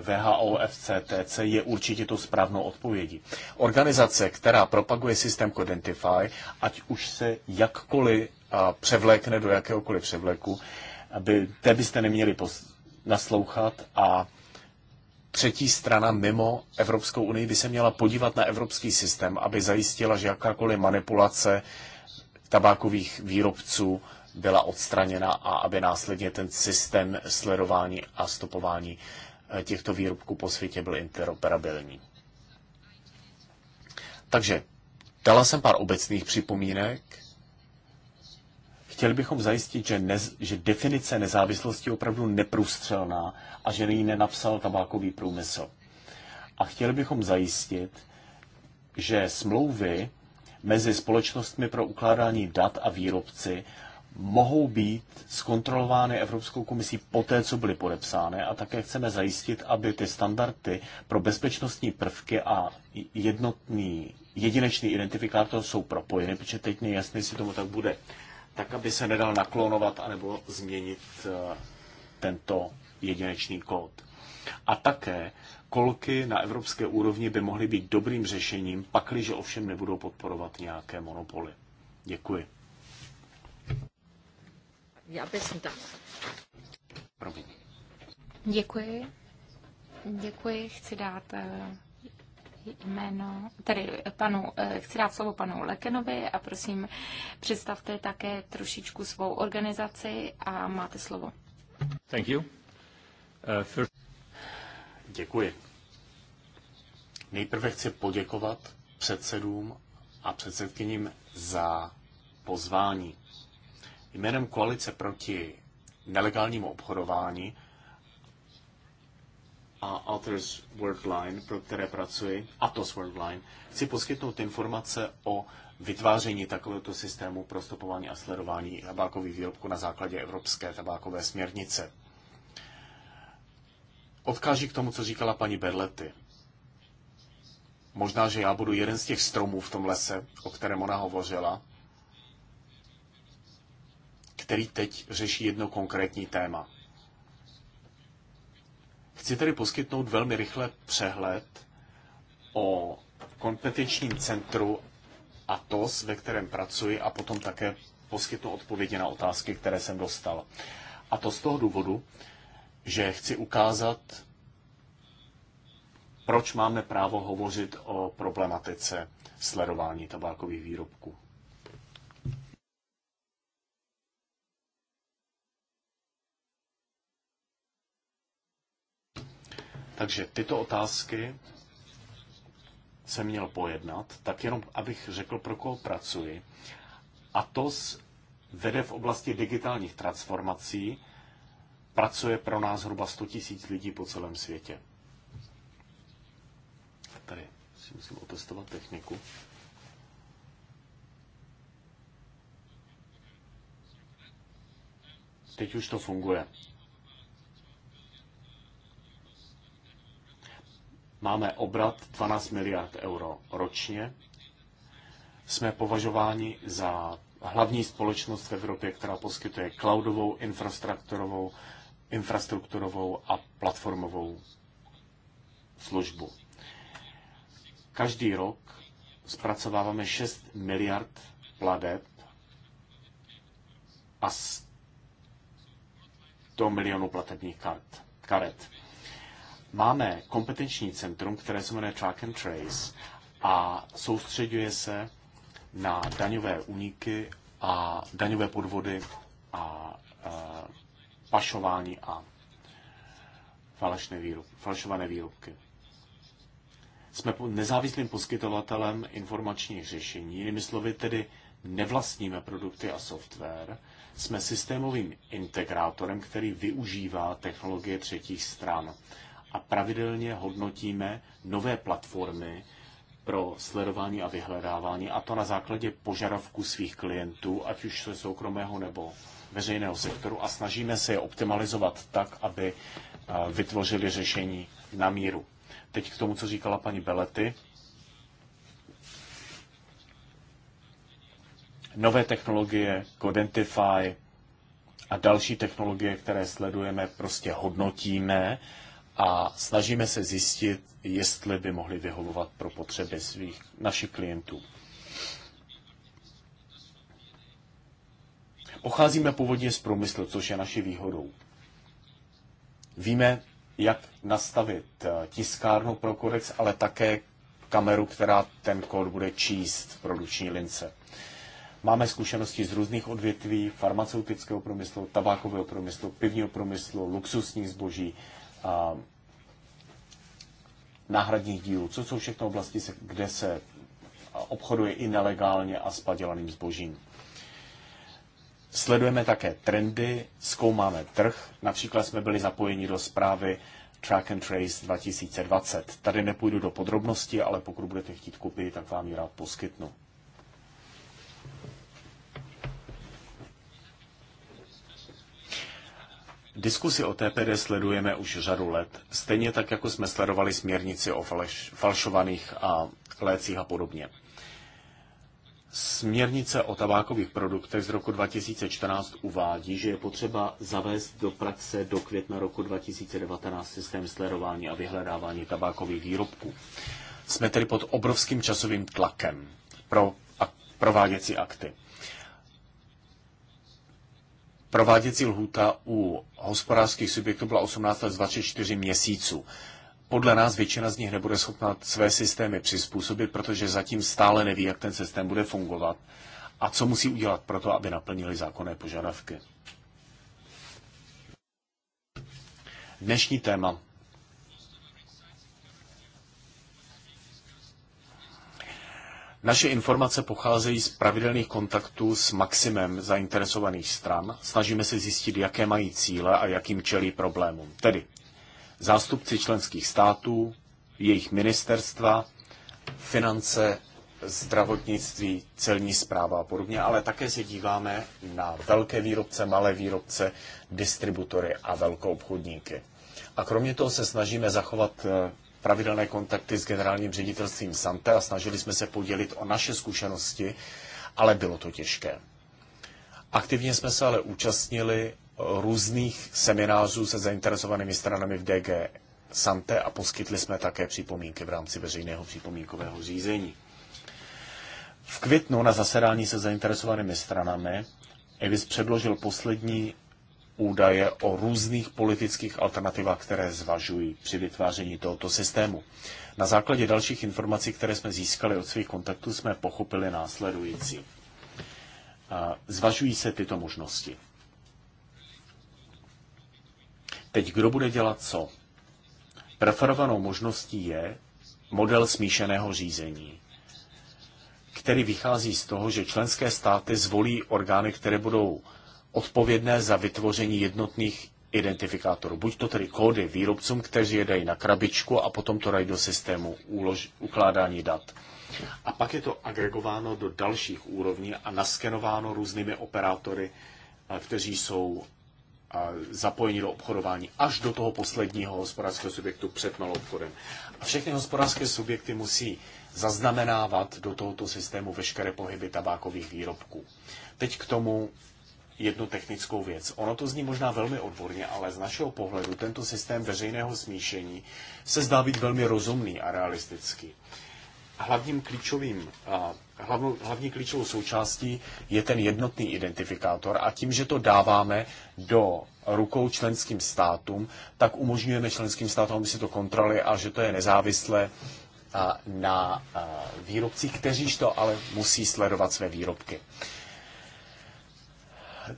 WHO eh, FCTC je určitě to správnou odpovědí. Organizace, která propaguje systém Codentify, ať už se jakkoliv eh, převlékne do jakéhokoliv převleku, aby té byste neměli pos- naslouchat a třetí strana mimo Evropskou unii by se měla podívat na evropský systém, aby zajistila, že jakákoliv manipulace tabákových výrobců byla odstraněna a aby následně ten systém sledování a stopování eh, těchto výrobků po světě byl interoperabilní. Takže dala jsem pár obecných připomínek, Chtěli bychom zajistit, že, ne, že definice nezávislosti je opravdu neprůstřelná a že ji nenapsal tabákový průmysl. A chtěli bychom zajistit, že smlouvy mezi společnostmi pro ukládání dat a výrobci mohou být zkontrolovány Evropskou komisí poté, co byly podepsány a také chceme zajistit, aby ty standardy pro bezpečnostní prvky a jednotný jedinečný identifikátor jsou propojeny, protože teď nejasné, jestli tomu tak bude tak aby se nedal naklonovat anebo změnit eh, tento jedinečný kód. A také kolky na evropské úrovni by mohly být dobrým řešením, pakliže ovšem nebudou podporovat nějaké monopoly. Děkuji. Já bych tak. Promiň. Děkuji. Děkuji. Chci dát eh, jméno, tedy panu, eh, chci dát slovo panu Lekenovi a prosím, představte také trošičku svou organizaci a máte slovo. Thank you. Uh, first... Děkuji. Nejprve chci poděkovat předsedům a předsedkyním za pozvání. Jménem Koalice proti nelegálnímu obchodování a Authors Worldline, pro které pracuji, Atos Worldline, chci poskytnout informace o vytváření takovéhoto systému pro stopování a sledování tabákových výrobků na základě Evropské tabákové směrnice. Odkáží k tomu, co říkala paní Berlety. Možná, že já budu jeden z těch stromů v tom lese, o kterém ona hovořila, který teď řeší jedno konkrétní téma. Chci tedy poskytnout velmi rychle přehled o kompetenčním centru ATOS, ve kterém pracuji, a potom také poskytnu odpovědi na otázky, které jsem dostal. A to z toho důvodu, že chci ukázat, proč máme právo hovořit o problematice sledování tabákových výrobků. Takže tyto otázky jsem měl pojednat, tak jenom abych řekl, pro koho pracuji. A to vede v oblasti digitálních transformací, pracuje pro nás zhruba 100 tisíc lidí po celém světě. Tady si musím otestovat techniku. Teď už to funguje. máme obrat 12 miliard euro ročně. Jsme považováni za hlavní společnost v Evropě, která poskytuje cloudovou, infrastrukturovou, infrastrukturovou a platformovou službu. Každý rok zpracováváme 6 miliard pladeb a 100 milionů platebních kart, karet. Máme kompetenční centrum, které se jmenuje Track and Trace a soustředuje se na daňové úniky a daňové podvody a, a e, pašování a falešné výrobky, falšované výrobky. Jsme nezávislým poskytovatelem informačních řešení, jinými slovy tedy nevlastníme produkty a software, jsme systémovým integrátorem, který využívá technologie třetích stran a pravidelně hodnotíme nové platformy pro sledování a vyhledávání, a to na základě požadavků svých klientů, ať už se soukromého nebo veřejného sektoru, a snažíme se je optimalizovat tak, aby eh, vytvořili řešení na míru. Teď k tomu, co říkala paní Belety. Nové technologie, Codentify a další technologie, které sledujeme, prostě hodnotíme a snažíme se zjistit, jestli by mohli vyhovovat pro potřeby svých, našich klientů. Pocházíme původně z průmyslu, což je naší výhodou. Víme, jak nastavit eh, tiskárnu pro kodex, ale také kameru, která ten kód bude číst v produční lince. Máme zkušenosti z různých odvětví, farmaceutického průmyslu, tabákového průmyslu, pivního průmyslu, luxusních zboží, náhradních dílů, co jsou všechno oblasti, kde se obchoduje i nelegálně a s padělaným zbožím. Sledujeme také trendy, zkoumáme trh. Například jsme byli zapojeni do zprávy Track and Trace 2020. Tady nepůjdu do podrobností, ale pokud budete chtít kopii, tak vám ji rád poskytnu. Diskusi o TPD sledujeme už řadu let, stejně tak, jako jsme sledovali směrnici o falš, falšovaných a lécích a podobně. Směrnice o tabákových produktech z roku 2014 uvádí, že je potřeba zavést do praxe do května roku 2019 systém sledování a vyhledávání tabákových výrobků. Jsme tedy pod obrovským časovým tlakem pro prováděcí akty prováděcí lhůta u hospodářských subjektů byla 18 až 24 měsíců. Podle nás většina z nich nebude schopna své systémy přizpůsobit, protože zatím stále neví, jak ten systém bude fungovat a co musí udělat pro to, aby naplnili zákonné požadavky. Dnešní téma Naše informace pocházejí z pravidelných kontaktů s maximem zainteresovaných stran. Snažíme se zjistit, jaké mají cíle a jakým čelí problémům. Tedy zástupci členských států, jejich ministerstva, finance, zdravotnictví, celní zpráva a podobně, ale také se díváme na velké výrobce, malé výrobce, distributory a velkou obchodníky. A kromě toho se snažíme zachovat eh, pravidelné kontakty s generálním ředitelstvím Sante a snažili jsme se podělit o naše zkušenosti, ale bylo to těžké. Aktivně jsme se ale účastnili různých seminářů se zainteresovanými stranami v DG Sante a poskytli jsme také připomínky v rámci veřejného připomínkového řízení. V květnu na zasedání se zainteresovanými stranami Evis předložil poslední údaje o různých politických alternativách, které zvažují při vytváření tohoto systému. Na základě dalších informací, které jsme získali od svých kontaktů, jsme pochopili následující. Zvažují se tyto možnosti. Teď kdo bude dělat co? Preferovanou možností je model smíšeného řízení, který vychází z toho, že členské státy zvolí orgány, které budou odpovědné za vytvoření jednotných identifikátorů. Buď to tedy kódy výrobcům, kteří je dají na krabičku a potom to dají do systému ulož, ukládání dat. A pak je to agregováno do dalších úrovní a naskenováno různými operátory, eh, kteří jsou eh, zapojeni do obchodování až do toho posledního hospodářského subjektu před malou obchodem. A všechny hospodářské subjekty musí zaznamenávat do tohoto systému veškeré pohyby tabákových výrobků. Teď k tomu jednu technickou věc. Ono to zní možná velmi odborně, ale z našeho pohledu tento systém veřejného smíšení se zdá být velmi rozumný a realistický. Hlavním klíčovým, hlavnou, hlavní klíčovou součástí je ten jednotný identifikátor a tím, že to dáváme do rukou členským státům, tak umožňujeme členským státům, aby si to kontroly a že to je nezávislé na výrobcích, kteříž to ale musí sledovat své výrobky.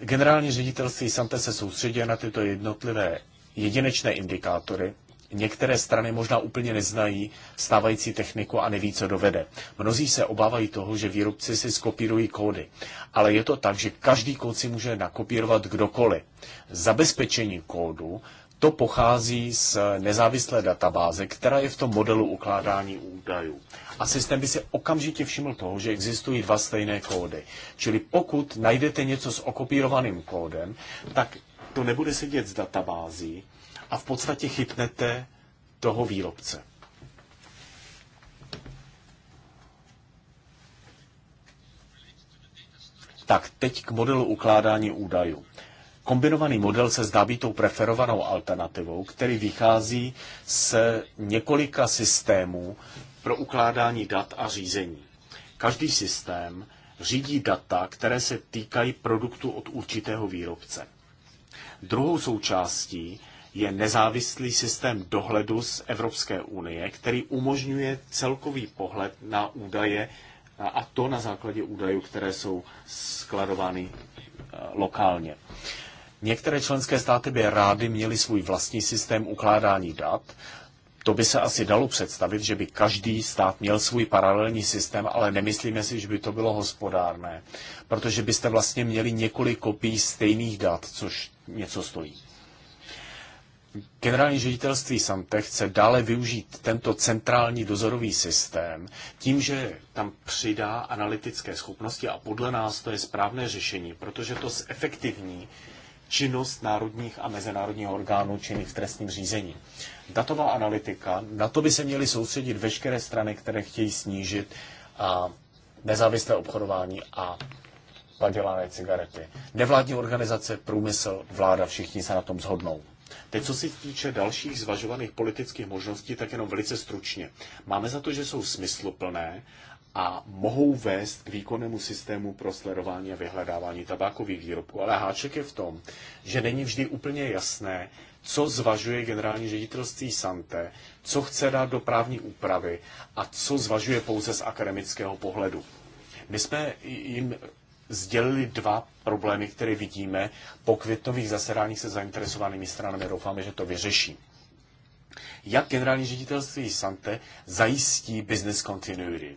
Generální ředitelství Sante se soustředí na tyto jednotlivé jedinečné indikátory. Některé strany možná úplně neznají stávající techniku a neví, co dovede. Mnozí se obávají toho, že výrobci si skopírují kódy. Ale je to tak, že každý kód si může nakopírovat kdokoliv. Zabezpečení kódu to pochází z nezávislé databáze, která je v tom modelu ukládání údajů. A systém by si okamžitě všiml toho, že existují dva stejné kódy. Čili pokud najdete něco s okopírovaným kódem, tak to nebude sedět z databází a v podstatě chytnete toho výrobce. Tak, teď k modelu ukládání údajů. Kombinovaný model se zdá být tou preferovanou alternativou, který vychází z několika systémů pro ukládání dat a řízení. Každý systém řídí data, které se týkají produktu od určitého výrobce. Druhou součástí je nezávislý systém dohledu z Evropské unie, který umožňuje celkový pohled na údaje a to na základě údajů, které jsou skladovány eh, lokálně. Některé členské státy by rády měly svůj vlastní systém ukládání dat. To by se asi dalo představit, že by každý stát měl svůj paralelní systém, ale nemyslíme si, že by to bylo hospodárné, protože byste vlastně měli několik kopií stejných dat, což něco stojí. Generální ředitelství Sante chce dále využít tento centrální dozorový systém tím, že tam přidá analytické schopnosti a podle nás to je správné řešení, protože to zefektivní efektivní činnost národních a mezinárodních orgánů činných v trestním řízení. Datová analytika, na to by se měly soustředit veškeré strany, které chtějí snížit a nezávislé obchodování a padělané cigarety. Nevládní organizace, průmysl, vláda, všichni se na tom zhodnou. Teď, co se týče dalších zvažovaných politických možností, tak jenom velice stručně. Máme za to, že jsou smysluplné a mohou vést k výkonnému systému pro sledování a vyhledávání tabákových výrobků. Ale háček je v tom, že není vždy úplně jasné, co zvažuje generální ředitelství Sante, co chce dát do právní úpravy a co zvažuje pouze z akademického pohledu. My jsme jim sdělili dva problémy, které vidíme po květnových zasedáních se zainteresovanými stranami. Doufáme, že to vyřeší. Jak generální ředitelství Sante zajistí business continuity?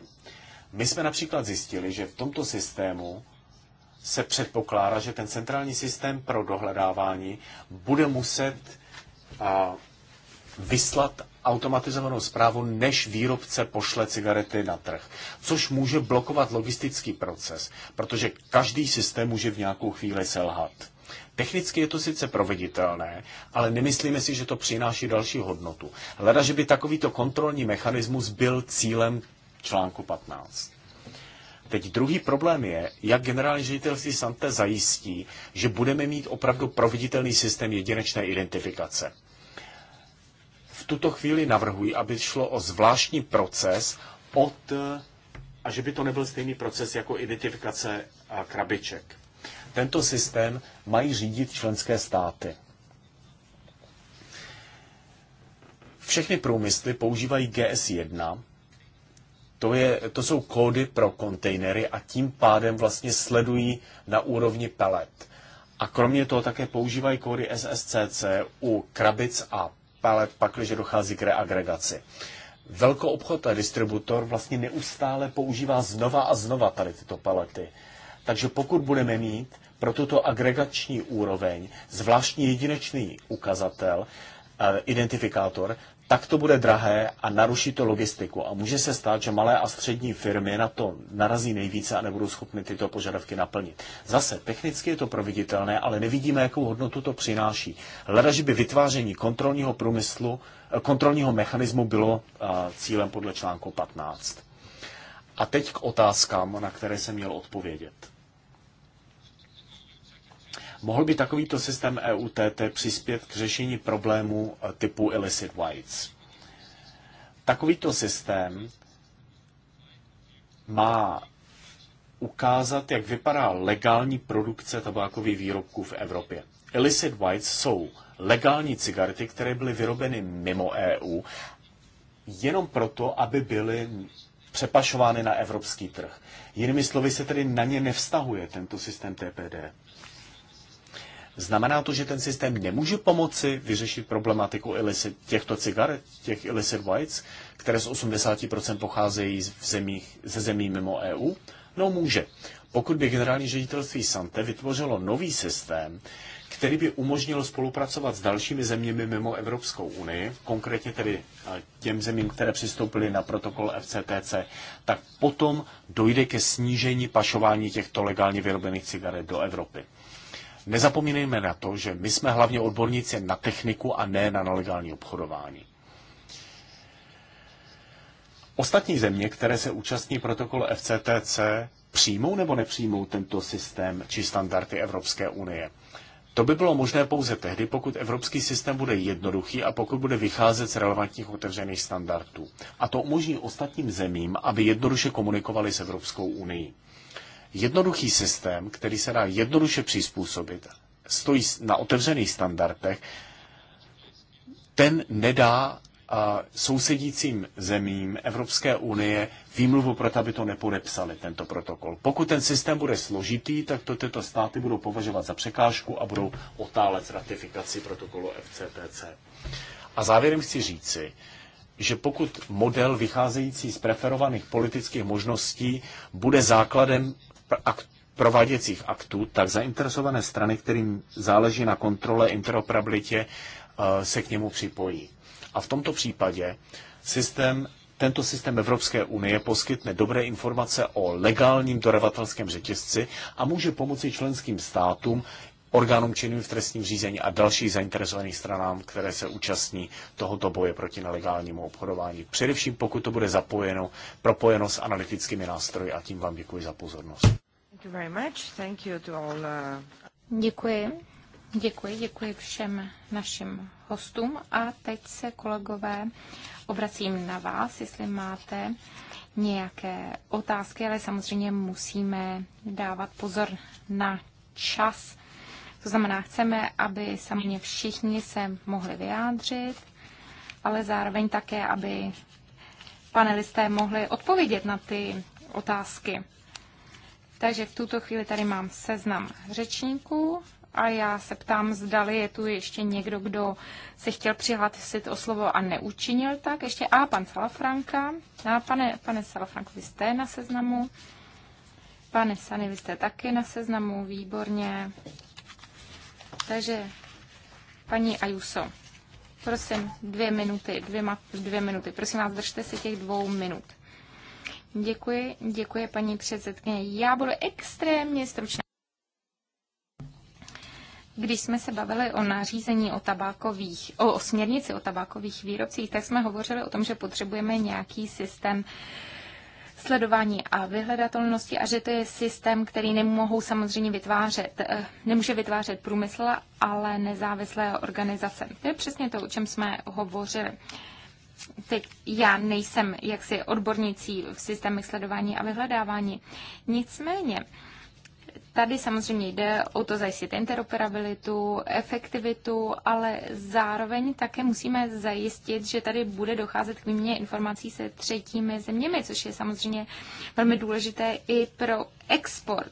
My jsme například zjistili, že v tomto systému se předpokládá, že ten centrální systém pro dohledávání bude muset a, vyslat automatizovanou zprávu, než výrobce pošle cigarety na trh, což může blokovat logistický proces, protože každý systém může v nějakou chvíli selhat. Technicky je to sice proveditelné, ale nemyslíme si, že to přináší další hodnotu. Hleda, že by takovýto kontrolní mechanismus byl cílem článku 15. Teď druhý problém je, jak generální ředitelství Sante zajistí, že budeme mít opravdu proveditelný systém jedinečné identifikace. V tuto chvíli navrhuji, aby šlo o zvláštní proces od, a že by to nebyl stejný proces jako identifikace krabiček. Tento systém mají řídit členské státy. Všechny průmysly používají GS1, to, je, to jsou kódy pro kontejnery a tím pádem vlastně sledují na úrovni pelet. A kromě toho také používají kódy SSCC u krabic a pelet, pakliže dochází k reagregaci. Velký obchod a distributor vlastně neustále používá znova a znova tady tyto palety. Takže pokud budeme mít pro tuto agregační úroveň zvláštní jedinečný ukazatel, eh, identifikátor, tak to bude drahé a naruší to logistiku. A může se stát, že malé a střední firmy na to narazí nejvíce a nebudou schopny tyto požadavky naplnit. Zase, technicky je to providitelné, ale nevidíme, jakou hodnotu to přináší. Hleda, že by vytváření kontrolního průmyslu, eh, kontrolního mechanismu bylo eh, cílem podle článku 15. A teď k otázkám, na které jsem měl odpovědět. Mohl by takovýto systém EUTT přispět k řešení problémů eh, typu illicit whites? Takovýto systém má ukázat, jak vypadá legální produkce tabákových výrobků v Evropě. Illicit whites jsou legální cigarety, které byly vyrobeny mimo EU, jenom proto, aby byly přepašovány na evropský trh. Jinými slovy se tedy na ně nevztahuje tento systém TPD. Znamená to, že ten systém nemůže pomoci vyřešit problematiku illicit, těchto cigaret, těch illicit whites, které z 80% pocházejí v zemích, ze zemí mimo EU? No může. Pokud by generální ředitelství Sante vytvořilo nový systém, který by umožnil spolupracovat s dalšími zeměmi mimo Evropskou unii, konkrétně tedy eh, těm zemím, které přistoupily na protokol FCTC, tak potom dojde ke snížení pašování těchto legálně vyrobených cigaret do Evropy nezapomínejme na to, že my jsme hlavně odborníci na techniku a ne na nelegální obchodování. Ostatní země, které se účastní protokolu FCTC, přijmou nebo nepřijmou tento systém či standardy Evropské unie. To by bylo možné pouze tehdy, pokud evropský systém bude jednoduchý a pokud bude vycházet z relevantních otevřených standardů. A to umožní ostatním zemím, aby jednoduše komunikovali s Evropskou unii jednoduchý systém, který se dá jednoduše přizpůsobit, stojí na otevřených standardech, ten nedá sousedícím zemím Evropské unie výmluvu pro to, aby to nepodepsali, tento protokol. Pokud ten systém bude složitý, tak to tyto státy budou považovat za překážku a budou otálet ratifikaci protokolu FCTC. A závěrem chci říci, že pokud model vycházející z preferovaných politických možností bude základem prováděcích aktů, tak zainteresované strany, kterým záleží na kontrole interoperabilitě, eh, se k němu připojí. A v tomto případě systém, tento systém Evropské unie poskytne dobré informace o legálním dodavatelském řetězci a může pomoci členským státům orgánům činným v trestním řízení a další zainteresovaným stranám, které se účastní tohoto boje proti nelegálnímu obchodování. Především pokud to bude zapojeno, propojeno s analytickými nástroji a tím vám děkuji za pozornost. Uh, děkuji. Děkuji, děkuji všem našim hostům a teď se kolegové obracím na vás, jestli máte nějaké otázky, ale samozřejmě musíme dávat pozor na čas. To znamená, chceme, aby samozřejmě všichni se mohli vyjádřit, ale zároveň také, aby panelisté mohli odpovědět na ty otázky. Takže v tuto chvíli tady mám seznam řečníků a já se ptám, zdali je tu ještě někdo, kdo se chtěl přihlásit o slovo a neučinil tak. Ještě a pan Salafranka. A pane, pane Salafranku, vy jste na seznamu. Pane Sany, vy jste taky na seznamu, výborně. Takže paní Ajuso, prosím, dvě minuty, dvěma, dvě minuty. Prosím vás, držte si těch dvou minut. Děkuji, děkuji paní předsedkyně. Já budu extrémně stručná. Když jsme se bavili o nařízení o tabákových, o, o směrnici o tabákových výrobcích, tak jsme hovořili o tom, že potřebujeme nějaký systém uh, sledování a vyhledatelnosti a že to je systém, který nemohou samozřejmě vytvářet, eh, nemůže vytvářet průmysl, ale nezávislé organizace. To je přesně to, o čem jsme hovořili. Teď já nejsem jaksi odbornicí v systémech sledování a vyhledávání. Nicméně, Tady samozřejmě jde o to zajistit interoperabilitu, efektivitu, ale zároveň také musíme zajistit, že tady bude docházet k výměně informací se třetími zeměmi, což je samozřejmě velmi důležité i pro export.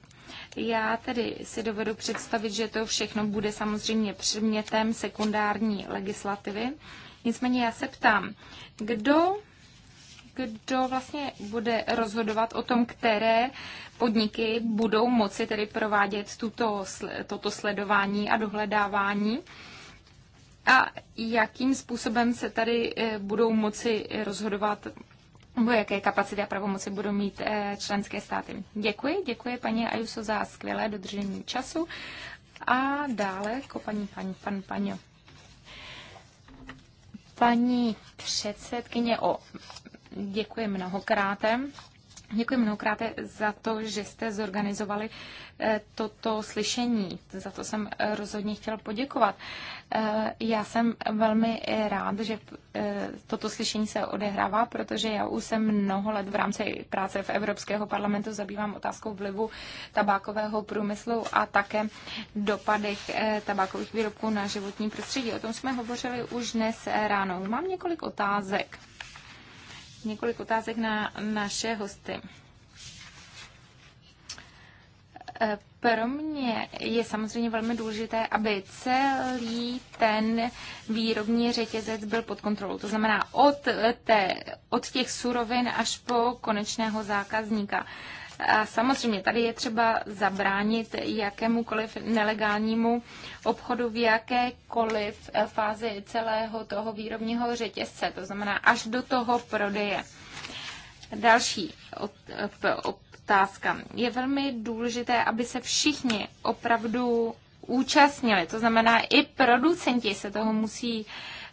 Já tedy si dovedu představit, že to všechno bude samozřejmě předmětem sekundární legislativy. Nicméně já se ptám, kdo kdo vlastně bude rozhodovat o tom, které podniky budou moci tedy provádět tuto, toto sledování a dohledávání a jakým způsobem se tady eh, budou moci rozhodovat nebo jaké kapacity a pravomoci budou mít eh, členské státy. Děkuji, děkuji paní Ajuso za skvělé dodržení času. A dále jako paní, paní, pan, paní. Paní předsedkyně o Děkuji mnohokrát. Děkuji mnohokrát za to, že jste zorganizovali eh, toto slyšení. Za to jsem eh, rozhodně chtěla poděkovat. Eh, já jsem velmi rád, že toto slyšení se odehrává, protože já už jsem mnoho let v rámci práce v Evropského parlamentu zabývám otázkou vlivu tabákového průmyslu a také dopadech tabákových výrobků na životní prostředí. O tom jsme hovořili už dnes ráno. Mám několik otázek několik otázek na naše hosty. E, pro mě je samozřejmě velmi důležité, aby celý ten výrobní řetězec byl pod kontrolou. To znamená od, té, od těch surovin až po konečného zákazníka. A samozřejmě tady je třeba zabránit jakémukoliv nelegálnímu obchodu v jakékoliv eh, fázi celého toho výrobního řetězce, to znamená až do toho prodeje. Další otázka. Je velmi důležité, aby se všichni opravdu účastnili, to znamená i producenti se toho musí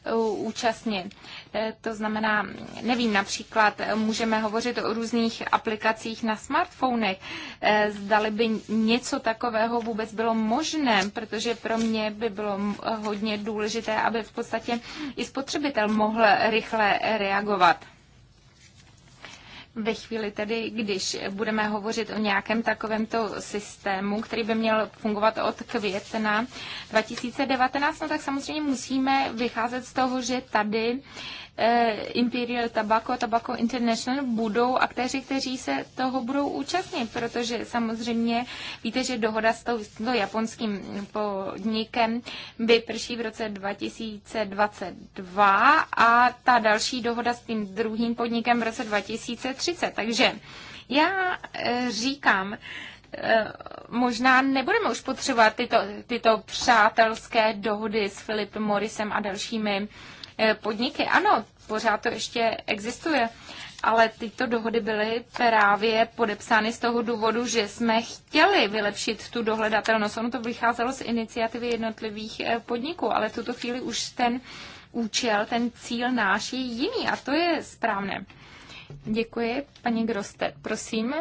eh, účastnit. Eh, to znamená, nevím, například eh, můžeme hovořit o různých aplikacích na smartfonech. Eh, zdali by něco takového vůbec bylo možné, protože pro mě by bylo hodně důležité, aby v podstatě i spotřebitel mohl rychle reagovat ve chvíli tedy, když budeme hovořit o nějakém takovémto systému, který by měl fungovat od května 2019, no tak samozřejmě musíme vycházet z toho, že tady eh, Imperial Tobacco, Tobacco International budou aktéři, kteří se toho budou účastnit, protože samozřejmě víte, že dohoda s tou, japonským podnikem vyprší v roce 2022 a ta další dohoda s tím druhým podnikem v roce 2030 30. Takže já eh, říkám, eh, možná nebudeme už potřebovat tyto, tyto přátelské dohody s Filip Morisem a dalšími eh, podniky. Ano, pořád to ještě existuje, ale tyto dohody byly právě podepsány z toho důvodu, že jsme chtěli vylepšit tu dohledatelnost. Ono to vycházelo z iniciativy jednotlivých podniků, ale v tuto chvíli už ten účel, ten cíl náš je jiný a to je správné. Děkuji. Paní Groste, prosím.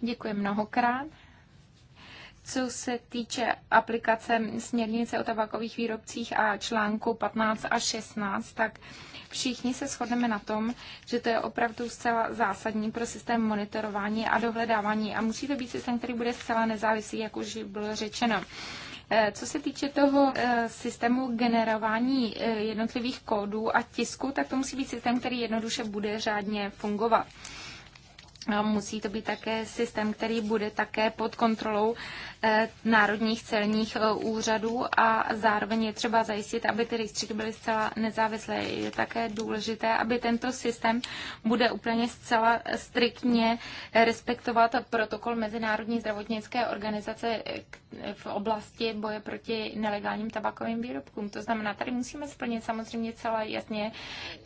Děkuji mnohokrát. Co se týče aplikace směrnice o tabakových výrobcích a článku 15 a 16, tak všichni se shodneme na tom, že to je opravdu zcela zásadní pro systém monitorování a dohledávání a musí to být systém, který bude zcela nezávislý, jak už bylo řečeno. Eh, co se týče toho eh, systému generování eh, jednotlivých kódů a tisku, tak to musí být systém, který jednoduše bude řádně fungovat musí to být také systém, který bude také pod kontrolou eh, národních celních eh, úřadů a zároveň je třeba zajistit, aby ty rejstříky byly zcela nezávislé. Je také důležité, aby tento systém bude úplně zcela striktně respektovat protokol Mezinárodní zdravotnické organizace v oblasti boje proti nelegálním tabakovým výrobkům. To znamená, tady musíme splnit samozřejmě celá jasně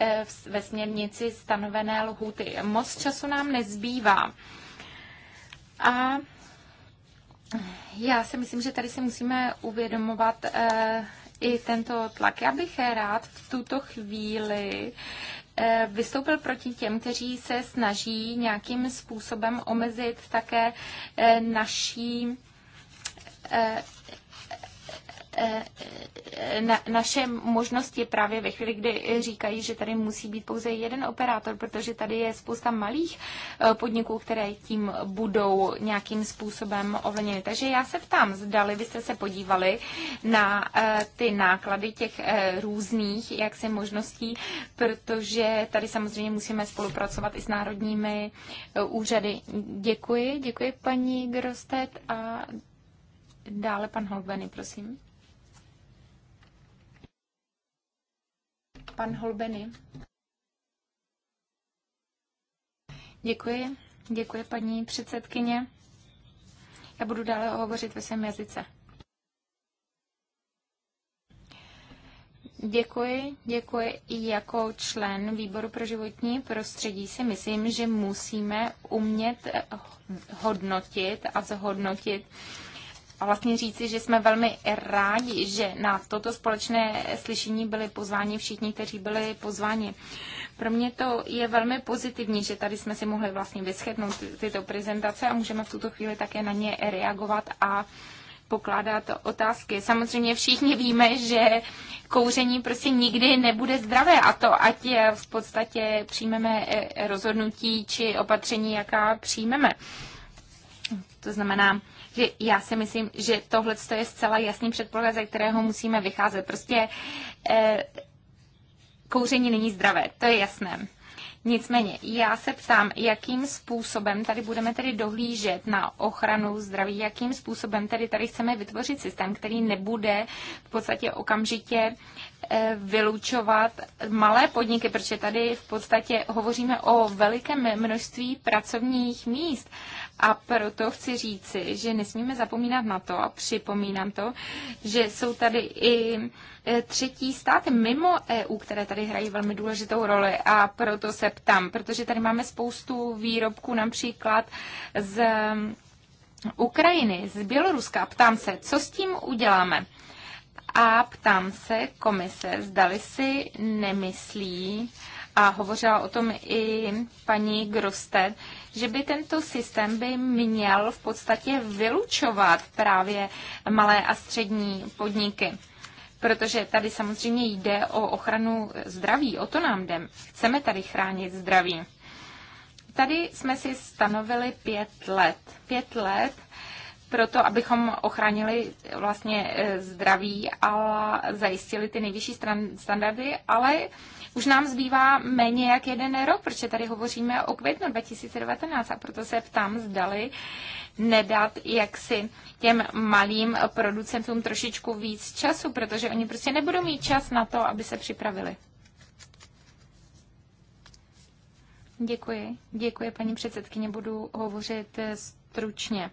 eh, ve směrnici stanovené lhuty. Moc času nám nezbývá zbývá. A já si myslím, že tady si musíme uvědomovat eh, i tento tlak. Já bych rád v tuto chvíli eh, vystoupil proti těm, kteří se snaží nějakým způsobem omezit také eh, naší Eh, eh, na, naše možnosti právě ve chvíli, kdy eh, říkají, že tady musí být pouze jeden operátor, protože tady je spousta malých podniků, které tím budou nějakým způsobem ovlivněny. Takže já se ptám, zdali byste se podívali na ty náklady těch různých jaksi možností, protože tady samozřejmě musíme spolupracovat i s národními úřady. Děkuji, děkuji paní Grostet a dále pan Holbeny, prosím. Pan Holbeny. Děkuji. Děkuji, paní předsedkyně. Já budu dále hovořit ve svém jazyce. Děkuji, děkuji i jako člen výboru pro životní prostředí si myslím, že musíme umět hodnotit a zhodnotit vlastně říci, že jsme velmi rádi, že na toto společné slyšení byli pozváni všichni, kteří byli pozváni. Pro mě to je velmi pozitivní, že tady jsme si mohli vlastně vyschednout tyto prezentace a můžeme v tuto chvíli také na ně reagovat a pokládat otázky. Samozřejmě všichni víme, že kouření prostě nikdy nebude zdravé a to ať v podstatě přijmeme eh, rozhodnutí či opatření, jaká přijmeme. To znamená, že já si myslím, že tohle je zcela jasný předpoklad, ze kterého musíme vycházet. Prostě eh, kouření není zdravé, to je jasné. Nicméně, já se ptám, jakým způsobem tady budeme tedy dohlížet na ochranu zdraví, jakým způsobem tady tady chceme vytvořit systém, který nebude v podstatě okamžitě eh, vylučovat malé podniky, protože tady v podstatě hovoříme o velikém množství pracovních míst. A proto chci říci, že nesmíme zapomínat na to, a připomínám to, že jsou tady i e, třetí státy mimo EU, které tady hrají velmi důležitou roli a proto se ptám, protože tady máme spoustu výrobků například z Ukrajiny, z Běloruska. Ptám se, co s tím uděláme? A ptám se komise, zdali si nemyslí, a hovořila o tom i paní Grosted, že by tento systém by měl v podstatě vylučovat právě malé a střední podniky. Protože tady samozřejmě jde o ochranu zdraví, o to nám jde. Chceme tady chránit zdraví. Tady jsme si stanovili pět let. Pět let proto, abychom ochránili vlastně e, zdraví a zajistili ty nejvyšší standardy, ale už nám zbývá méně jak jeden rok, protože tady hovoříme o květnu 2019 a proto se ptám, zdali nedat jaksi těm malým producentům trošičku víc času, protože oni prostě nebudou mít čas na to, aby se připravili. Děkuji. Děkuji, paní předsedkyně. Budu hovořit stručně.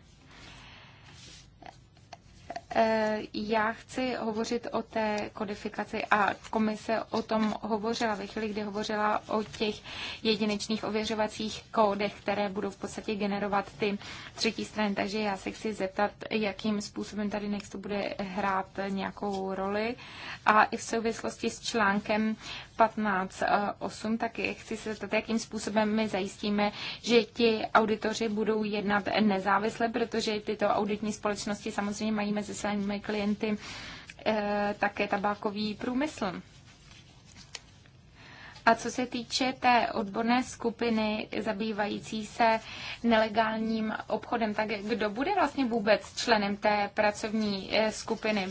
Eh, já chci hovořit o té kodifikaci a komise o tom hovořila ve chvíli, kdy hovořila o těch jedinečných ověřovacích kódech, které budou v podstatě generovat ty třetí strany. Takže já se chci zeptat, jakým způsobem tady Nextu bude hrát nějakou roli. A i v souvislosti s článkem 15.8, tak chci se zeptat, jakým způsobem my zajistíme, že ti auditoři budou jednat nezávisle, protože tyto auditní společnosti samozřejmě mají mezi svými klienty eh, také tabákový průmysl. A co se týče té odborné skupiny zabývající se nelegálním obchodem, tak kdo bude vlastně vůbec členem té pracovní eh, skupiny?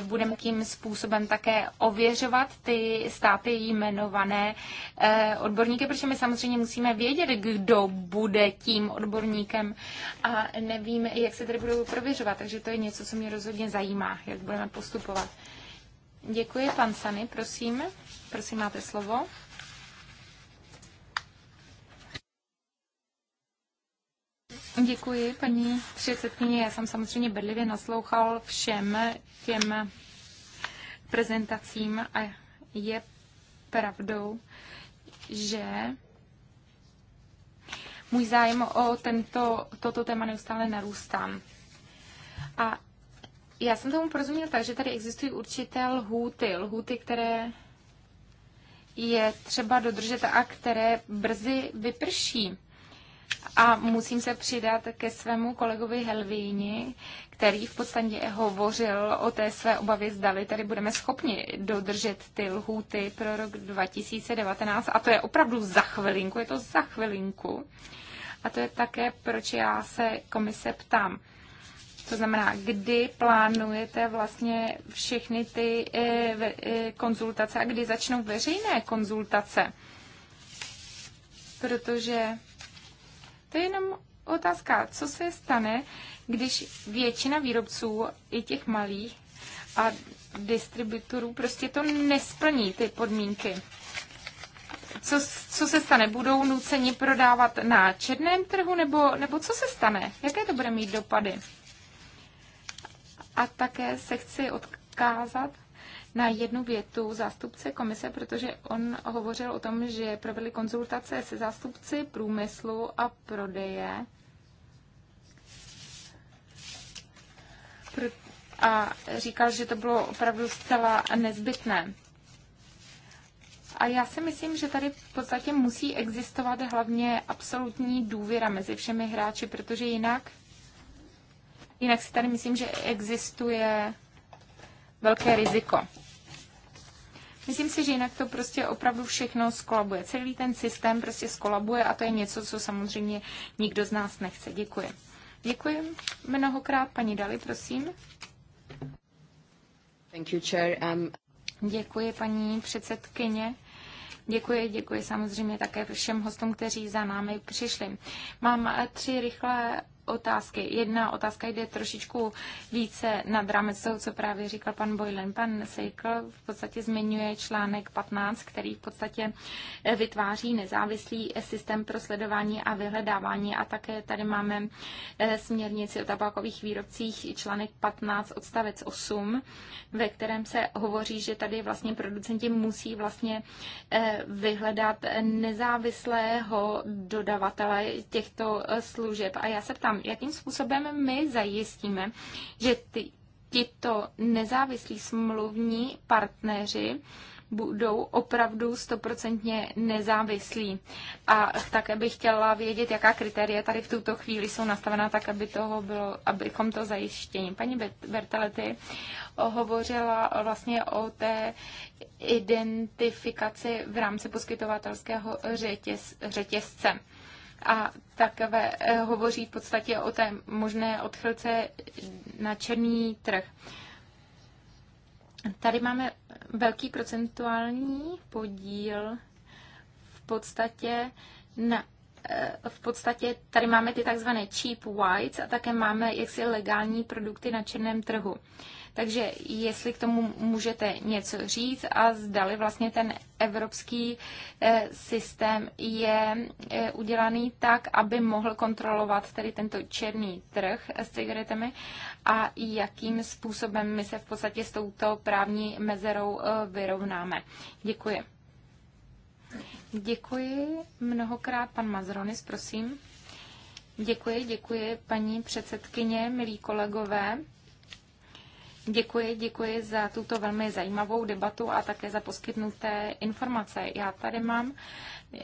Budeme tím způsobem také ověřovat ty státy jmenované eh, odborníky, protože my samozřejmě musíme vědět, kdo bude tím odborníkem a nevím, jak se tady budou prověřovat, takže to je něco, co mě rozhodně zajímá, jak budeme postupovat. Děkuji, pan Sany, prosím. Prosím, máte slovo. Děkuji, paní předsedkyně. Já jsem samozřejmě bedlivě naslouchal všem těm prezentacím a je pravdou, že můj zájem o tento, toto téma neustále narůstá. A já jsem tomu porozuměl tak, že tady existují určité lhůty, lhůty, které je třeba dodržet a které brzy vyprší. A musím se přidat ke svému kolegovi Helvíni, který v podstatě hovořil o té své obavě, zdali tady budeme schopni dodržet ty lhůty pro rok 2019. A to je opravdu za chvilinku, je to za chvilinku. A to je také, proč já se komise ptám. To znamená, kdy plánujete vlastně všechny ty eh, eh, konzultace a kdy začnou veřejné konzultace? Protože to je jenom otázka, co se stane, když většina výrobců, i těch malých a distributorů, prostě to nesplní ty podmínky. Co, co se stane? Budou nuceni prodávat na černém trhu, nebo, nebo co se stane? Jaké to bude mít dopady? A také se chci odkázat na jednu větu zástupce komise, protože on hovořil o tom, že provedli konzultace se zástupci průmyslu a prodeje. A říkal, že to bylo opravdu zcela nezbytné. A já si myslím, že tady v podstatě musí existovat hlavně absolutní důvěra mezi všemi hráči, protože jinak Jinak si tady myslím, že existuje velké riziko. Myslím si, že jinak to prostě opravdu všechno skolabuje. Celý ten systém prostě skolabuje a to je něco, co samozřejmě nikdo z nás nechce. Děkuji. Děkuji mnohokrát. Paní Dali, prosím. Thank you, chair. Um... Děkuji, paní předsedkyně. Děkuji, děkuji samozřejmě také všem hostům, kteří za námi přišli. Mám tři rychlé otázky. Jedna otázka jde trošičku více nad rámec toho, co právě říkal pan Boylen. Pan Seikl v podstatě zmiňuje článek 15, který v podstatě eh, vytváří nezávislý eh, systém pro sledování a vyhledávání. A také tady máme eh, směrnici o tabákových výrobcích, článek 15 odstavec 8, ve kterém se hovoří, že tady vlastně producenti musí vlastně vyhledat nezávislého dodavatele těchto služeb. A já se ptám, říkám, jakým způsobem my zajistíme, že ty, tyto nezávislí smluvní partneři budou opravdu stoprocentně nezávislí. A také bych chtěla vědět, jaká kritéria tady v tuto chvíli jsou nastavená tak, aby toho bylo, abychom to zajištění. Paní Bertalety hovořila vlastně o té identifikaci v rámci poskytovatelského řetěz, řetězce a takové eh, hovoří v podstatě o té možné odchylce na černý trh. Tady máme velký procentuální podíl v podstatě na eh, v podstatě tady máme ty takzvané cheap whites a také máme jaksi legální produkty na černém trhu. Uh, takže jestli k tomu můžete něco říct a zdali vlastně ten evropský eh, systém je eh, udělaný tak, aby mohl kontrolovat tedy tento černý trh s cigaretami a jakým způsobem my se v podstatě s touto právní mezerou eh, vyrovnáme. Děkuji. Děkuji mnohokrát. Pan Mazronis, prosím. Děkuji, děkuji paní předsedkyně, milí kolegové. Děkuji, děkuji za tuto velmi zajímavou debatu a také za poskytnuté informace. Já tady mám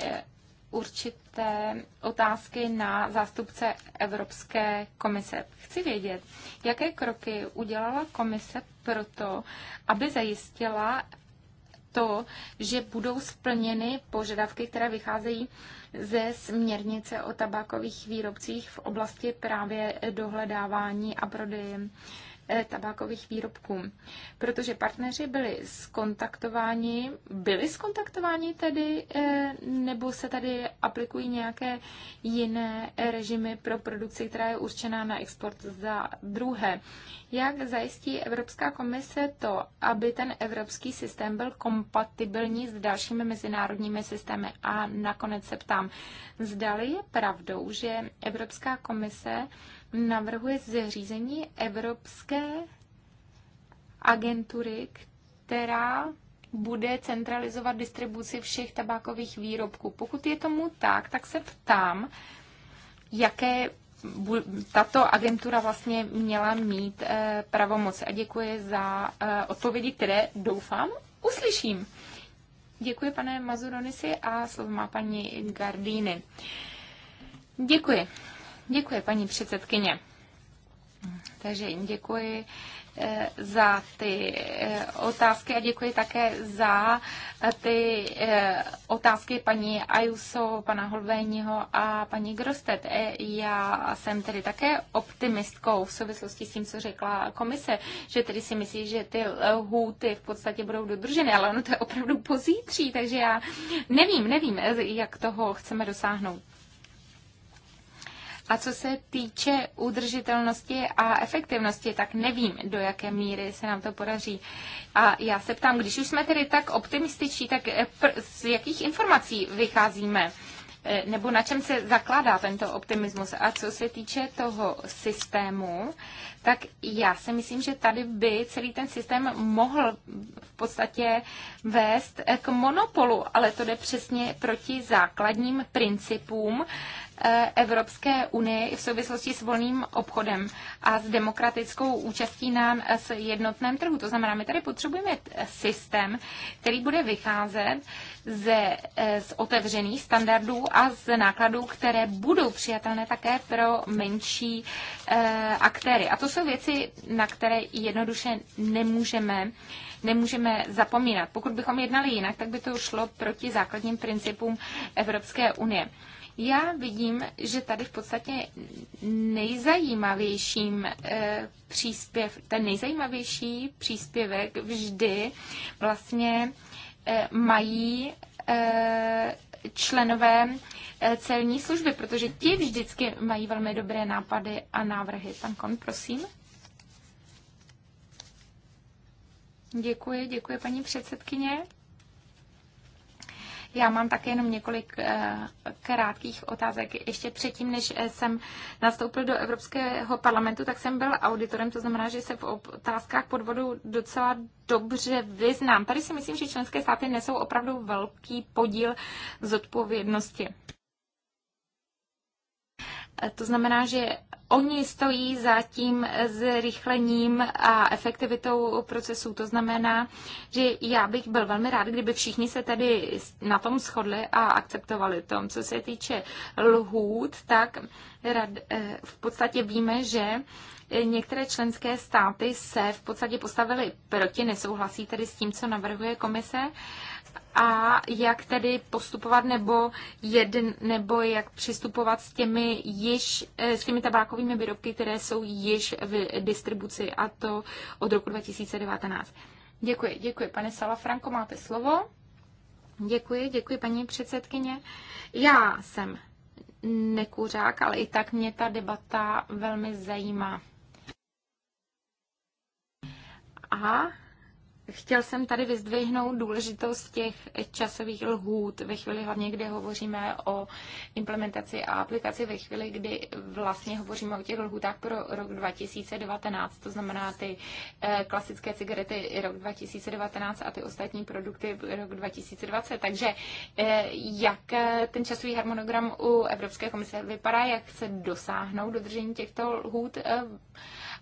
eh, určité otázky na zástupce Evropské komise. Chci vědět, jaké kroky udělala komise pro to, aby zajistila to, že budou splněny požadavky, které vycházejí ze směrnice o tabákových výrobcích v oblasti právě dohledávání a prodeje Eh, tabákových výrobků. Protože partneři byli skontaktováni, byli skontaktováni tedy, eh, nebo se tady aplikují nějaké jiné režimy pro produkci, která je určená na export za druhé. Jak zajistí Evropská komise to, aby ten evropský systém byl kompatibilní s dalšími mezinárodními systémy? A nakonec se ptám, zdali je pravdou, že Evropská komise navrhuje zřízení Evropské agentury, která bude centralizovat distribuci všech tabákových výrobků. Pokud je tomu tak, tak se ptám, jaké tato agentura vlastně měla mít eh, pravomoc. A děkuji za eh, odpovědi, které doufám uslyším. Děkuji, pane Mazuronisi, a slovo má paní Gardíny. Děkuji. Děkuji, paní předsedkyně. Takže jim děkuji eh, za ty eh, otázky a děkuji také za eh, ty otázky paní Ayuso, pana Holvéního a paní Grostet. Já jsem tedy také optimistkou v souvislosti s tím, co řekla komise, že tedy si myslí, že ty lhůty v podstatě budou dodrženy, ale ono to je opravdu pozítří, takže já nevím, nevím, jak toho chceme dosáhnout. A co se týče udržitelnosti a efektivnosti, tak nevím, do jaké míry se nám to podaří. A já se ptám, když už jsme tedy tak optimističní, tak eh, z jakých informací vycházíme? Eh, nebo na čem se zakládá tento optimismus. A co se týče toho systému, tak já si myslím, že tady by celý ten systém mohl v podstatě vést eh, k monopolu, ale to jde přesně proti základním principům Eh, Evropské unie v souvislosti s volným obchodem a s demokratickou účastí na eh, s jednotném trhu. To znamená, my tady potřebujeme eh, systém, který bude vycházet ze, z otevřených standardů a z nákladů, které budou přijatelné také pro menší eh, aktéry. A to jsou věci, na které jednoduše nemůžeme nemůžeme zapomínat. Pokud bychom jednali jinak, tak by to šlo proti základním principům Evropské unie. Já vidím, že tady v podstatě nejzajímavějším eh, příspěv, ten nejzajímavější příspěvek vždy vlastně eh, mají eh, členové celní služby, protože ti vždycky mají velmi dobré nápady a návrhy. Pan Kon, prosím. Děkuji, děkuji paní předsedkyně. Já mám také jenom několik eh, krátkých otázek. Ještě předtím, než eh, jsem nastoupil do Evropského parlamentu, tak jsem byl auditorem, to znamená, že se v otázkách podvodu docela dobře vyznám. Tady si myslím, že členské státy nesou opravdu velký podíl zodpovědnosti. Eh, to znamená, že Oni stojí za tím zrychlením a efektivitou procesů. To znamená, že já bych byl velmi rád, kdyby všichni se tady na tom shodli a akceptovali tom. Co se týče lhůt, tak eh, v podstatě víme, že eh, některé členské státy se v podstatě postavily proti, nesouhlasí tedy s tím, co navrhuje komise a jak tedy postupovat nebo, jedn, nebo jak přistupovat s těmi, již, eh, s těmi tabákovými výrobky, které jsou již v distribuci a to od roku 2019. Děkuji, děkuji. Pane Franko máte slovo. Děkuji, děkuji paní předsedkyně. Já jsem nekuřák, ale i tak mě ta debata velmi zajímá. A Chtěl jsem tady vyzdvihnout důležitost těch časových lhůt ve chvíli hlavně, kdy hovoříme o implementaci a aplikaci, ve chvíli, kdy vlastně hovoříme o těch lhůtách pro rok 2019, to znamená ty eh, klasické cigarety rok 2019 a ty ostatní produkty rok 2020. Takže eh, jak eh, ten časový harmonogram u Evropské komise vypadá, jak se dosáhnout dodržení těchto lhůt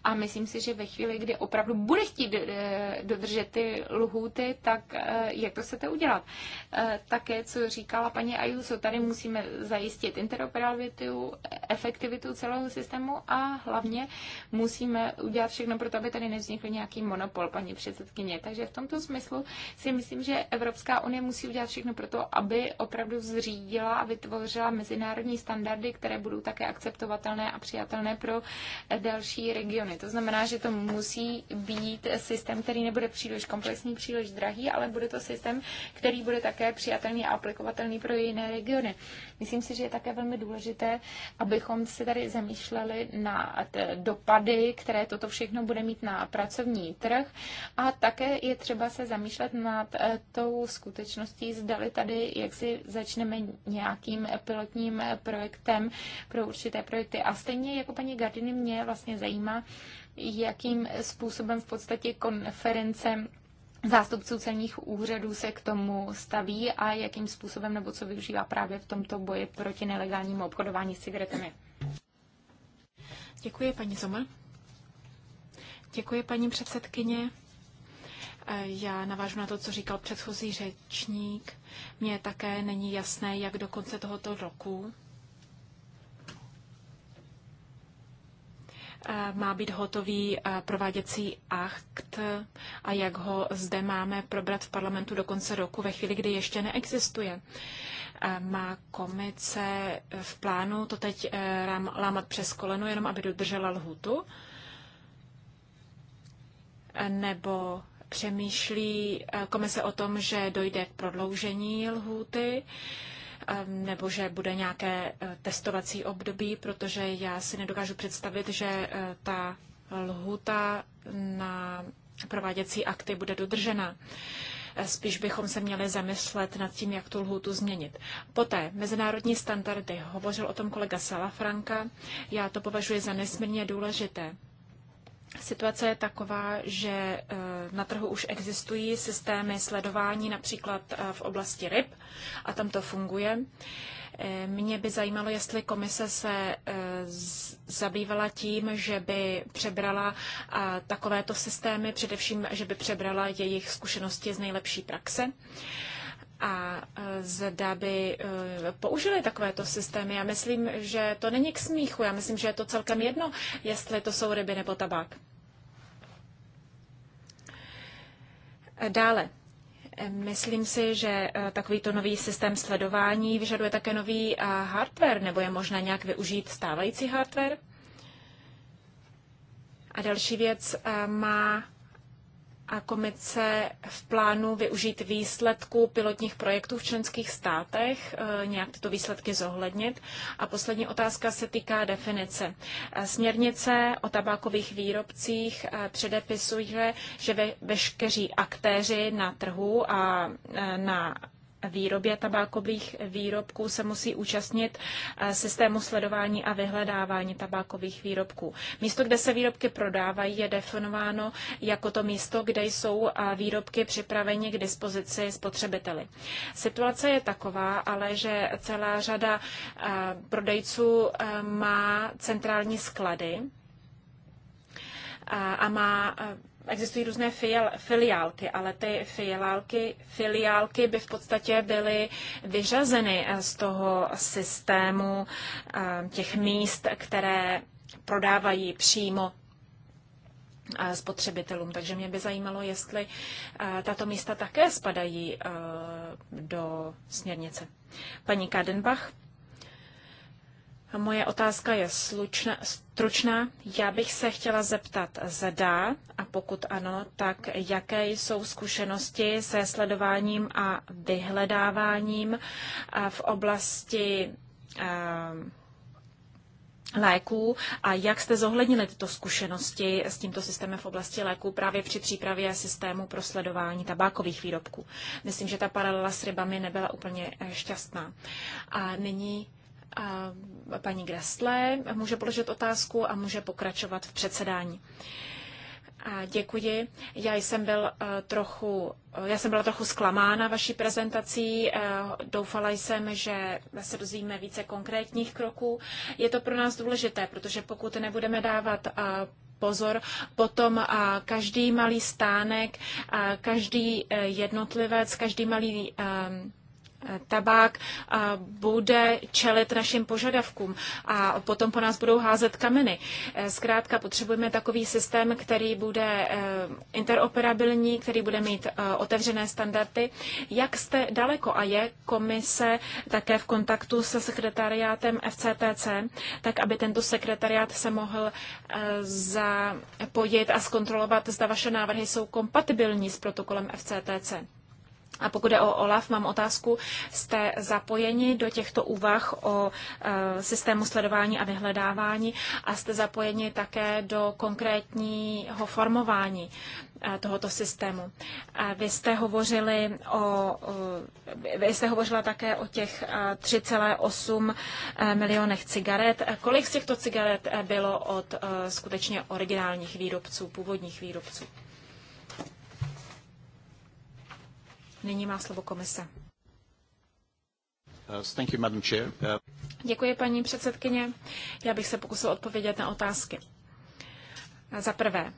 a myslím si, že ve chvíli, kdy opravdu bude chtít eh, dodržet ty lhůty, tak eh, jak to chcete udělat? Eh, také, co říkala paní Ajuso, tady musíme zajistit interoperabilitu, efektivitu celého systému a hlavně musíme udělat všechno pro to, aby tady nevznikl nějaký monopol, paní předsedkyně. Takže v tomto smyslu si myslím, že Evropská unie musí udělat všechno pro to, aby opravdu zřídila a vytvořila mezinárodní standardy, které budou také akceptovatelné a přijatelné pro další regiony. To znamená, že to musí být systém, který nebude příliš komplexní, příliš drahý, ale bude to systém, který bude také přijatelný a aplikovatelný pro jiné regiony. Myslím si, že je také velmi důležité, abychom se tady zamýšleli na dopady, které toto všechno bude mít na pracovní trh a také je třeba se zamýšlet nad eh, tou skutečností, zdali tady, jak si začneme nějakým pilotním eh, projektem pro určité projekty. A stejně jako paní Gardiny mě vlastně zajímá, jakým způsobem v podstatě konference zástupců celních úřadů se k tomu staví a jakým způsobem nebo co využívá právě v tomto boji proti nelegálnímu obchodování s cigaretami. Děkuji, paní Zoma. Děkuji, paní předsedkyně. Já navážu na to, co říkal předchozí řečník. Mně také není jasné, jak do konce tohoto roku má být hotový prováděcí akt a jak ho zde máme probrat v parlamentu do konce roku, ve chvíli, kdy ještě neexistuje. Má komice v plánu to teď e, lámat přes koleno, jenom aby dodržela lhutu? Nebo přemýšlí e, komise o tom, že dojde k prodloužení lhůty? Ehm, nebo že bude nějaké eh, testovací období, protože já si nedokážu představit, že eh, ta lhuta na prováděcí akty bude dodržena. Eh, spíš bychom se měli zamyslet nad tím, jak tu lhůtu změnit. Poté mezinárodní standardy. Hovořil o tom kolega Salafranka. Já to považuji za nesmírně důležité. Situace je taková, že eh, na trhu už existují systémy sledování, například eh, v oblasti ryb, a tam to funguje. Eh, mě by zajímalo, jestli komise se zabývala tím, že by přebrala takovéto systémy, především, že by přebrala jejich zkušenosti z nejlepší praxe a e, zda by e, použili takovéto systémy. Já myslím, že to není k smíchu. Já myslím, že je to celkem jedno, jestli to jsou ryby nebo tabák. E, dále. Myslím si, že takovýto nový systém sledování vyžaduje také nový hardware, nebo je možné nějak využít stávající hardware. A další věc má a komice v plánu využít výsledků pilotních projektů v členských státech, eh, nějak tyto výsledky zohlednit. A poslední otázka se týká definice. Eh, směrnice o tabákových výrobcích eh, předepisuje, že veškeří aktéři na trhu a na výrobě tabákových výrobků se musí účastnit eh, systému sledování a vyhledávání tabákových výrobků. Místo, kde se výrobky prodávají, je definováno jako to místo, kde jsou eh, výrobky připraveni k dispozici spotřebiteli. Situace je taková, ale že celá řada eh, prodejců má centrální sklady a má existují různé filiálky, ale ty filiálky, filiálky by v podstatě byly vyřazeny eh, z toho systému eh, těch míst, které prodávají přímo eh, spotřebitelům. Takže mě by zajímalo, jestli tato místa také spadají do směrnice. Paní Kadenbach. Moje otázka je slučna, stručná. Já bych se chtěla zeptat, zda a pokud ano, tak jaké jsou zkušenosti se sledováním a vyhledáváním v oblasti léků a jak jste zohlednili tyto zkušenosti s tímto systémem v oblasti léků právě při přípravě systému pro sledování tabákových výrobků. Myslím, že ta paralela s rybami nebyla úplně eh, šťastná. A nyní paní Gressle může položit otázku a může pokračovat v předsedání. A děkuji. Já jsem, byl eh, trochu, eh, já jsem byla trochu zklamána vaší prezentací. Eh, doufala jsem, že se dozvíme více konkrétních kroků. Je to pro nás důležité, protože pokud nebudeme dávat pozor, potom každý malý stánek, každý jednotlivec, každý malý tabák bude čelit našim požadavkům a potom po nás budou házet kameny. E, zkrátka potřebujeme takový systém, který bude e, interoperabilní, který bude mít e, otevřené standardy. Jak jste daleko a je komise také v kontaktu se sekretariátem FCTC, tak aby tento sekretariát se mohl zapojit a zkontrolovat, zda vaše návrhy jsou kompatibilní s protokolem FCTC? A pokud je o OLAF, mám otázku, jste zapojeni do těchto úvah o e, systému sledování a vyhledávání a jste zapojeni také do konkrétního formování e, tohoto systému. A vy jste hovořili o, e, vy jste hovořila také o těch 3,8 e, e, milionech cigaret. E, kolik z těchto cigaret bylo od e, skutečně originálních výrobců, původních výrobců? Nyní má slovo komise. Uh, thank you, Madam Chair. Uh, Děkuji, paní předsedkyně. Já bych se pokusil odpovědět na otázky. Za prvé,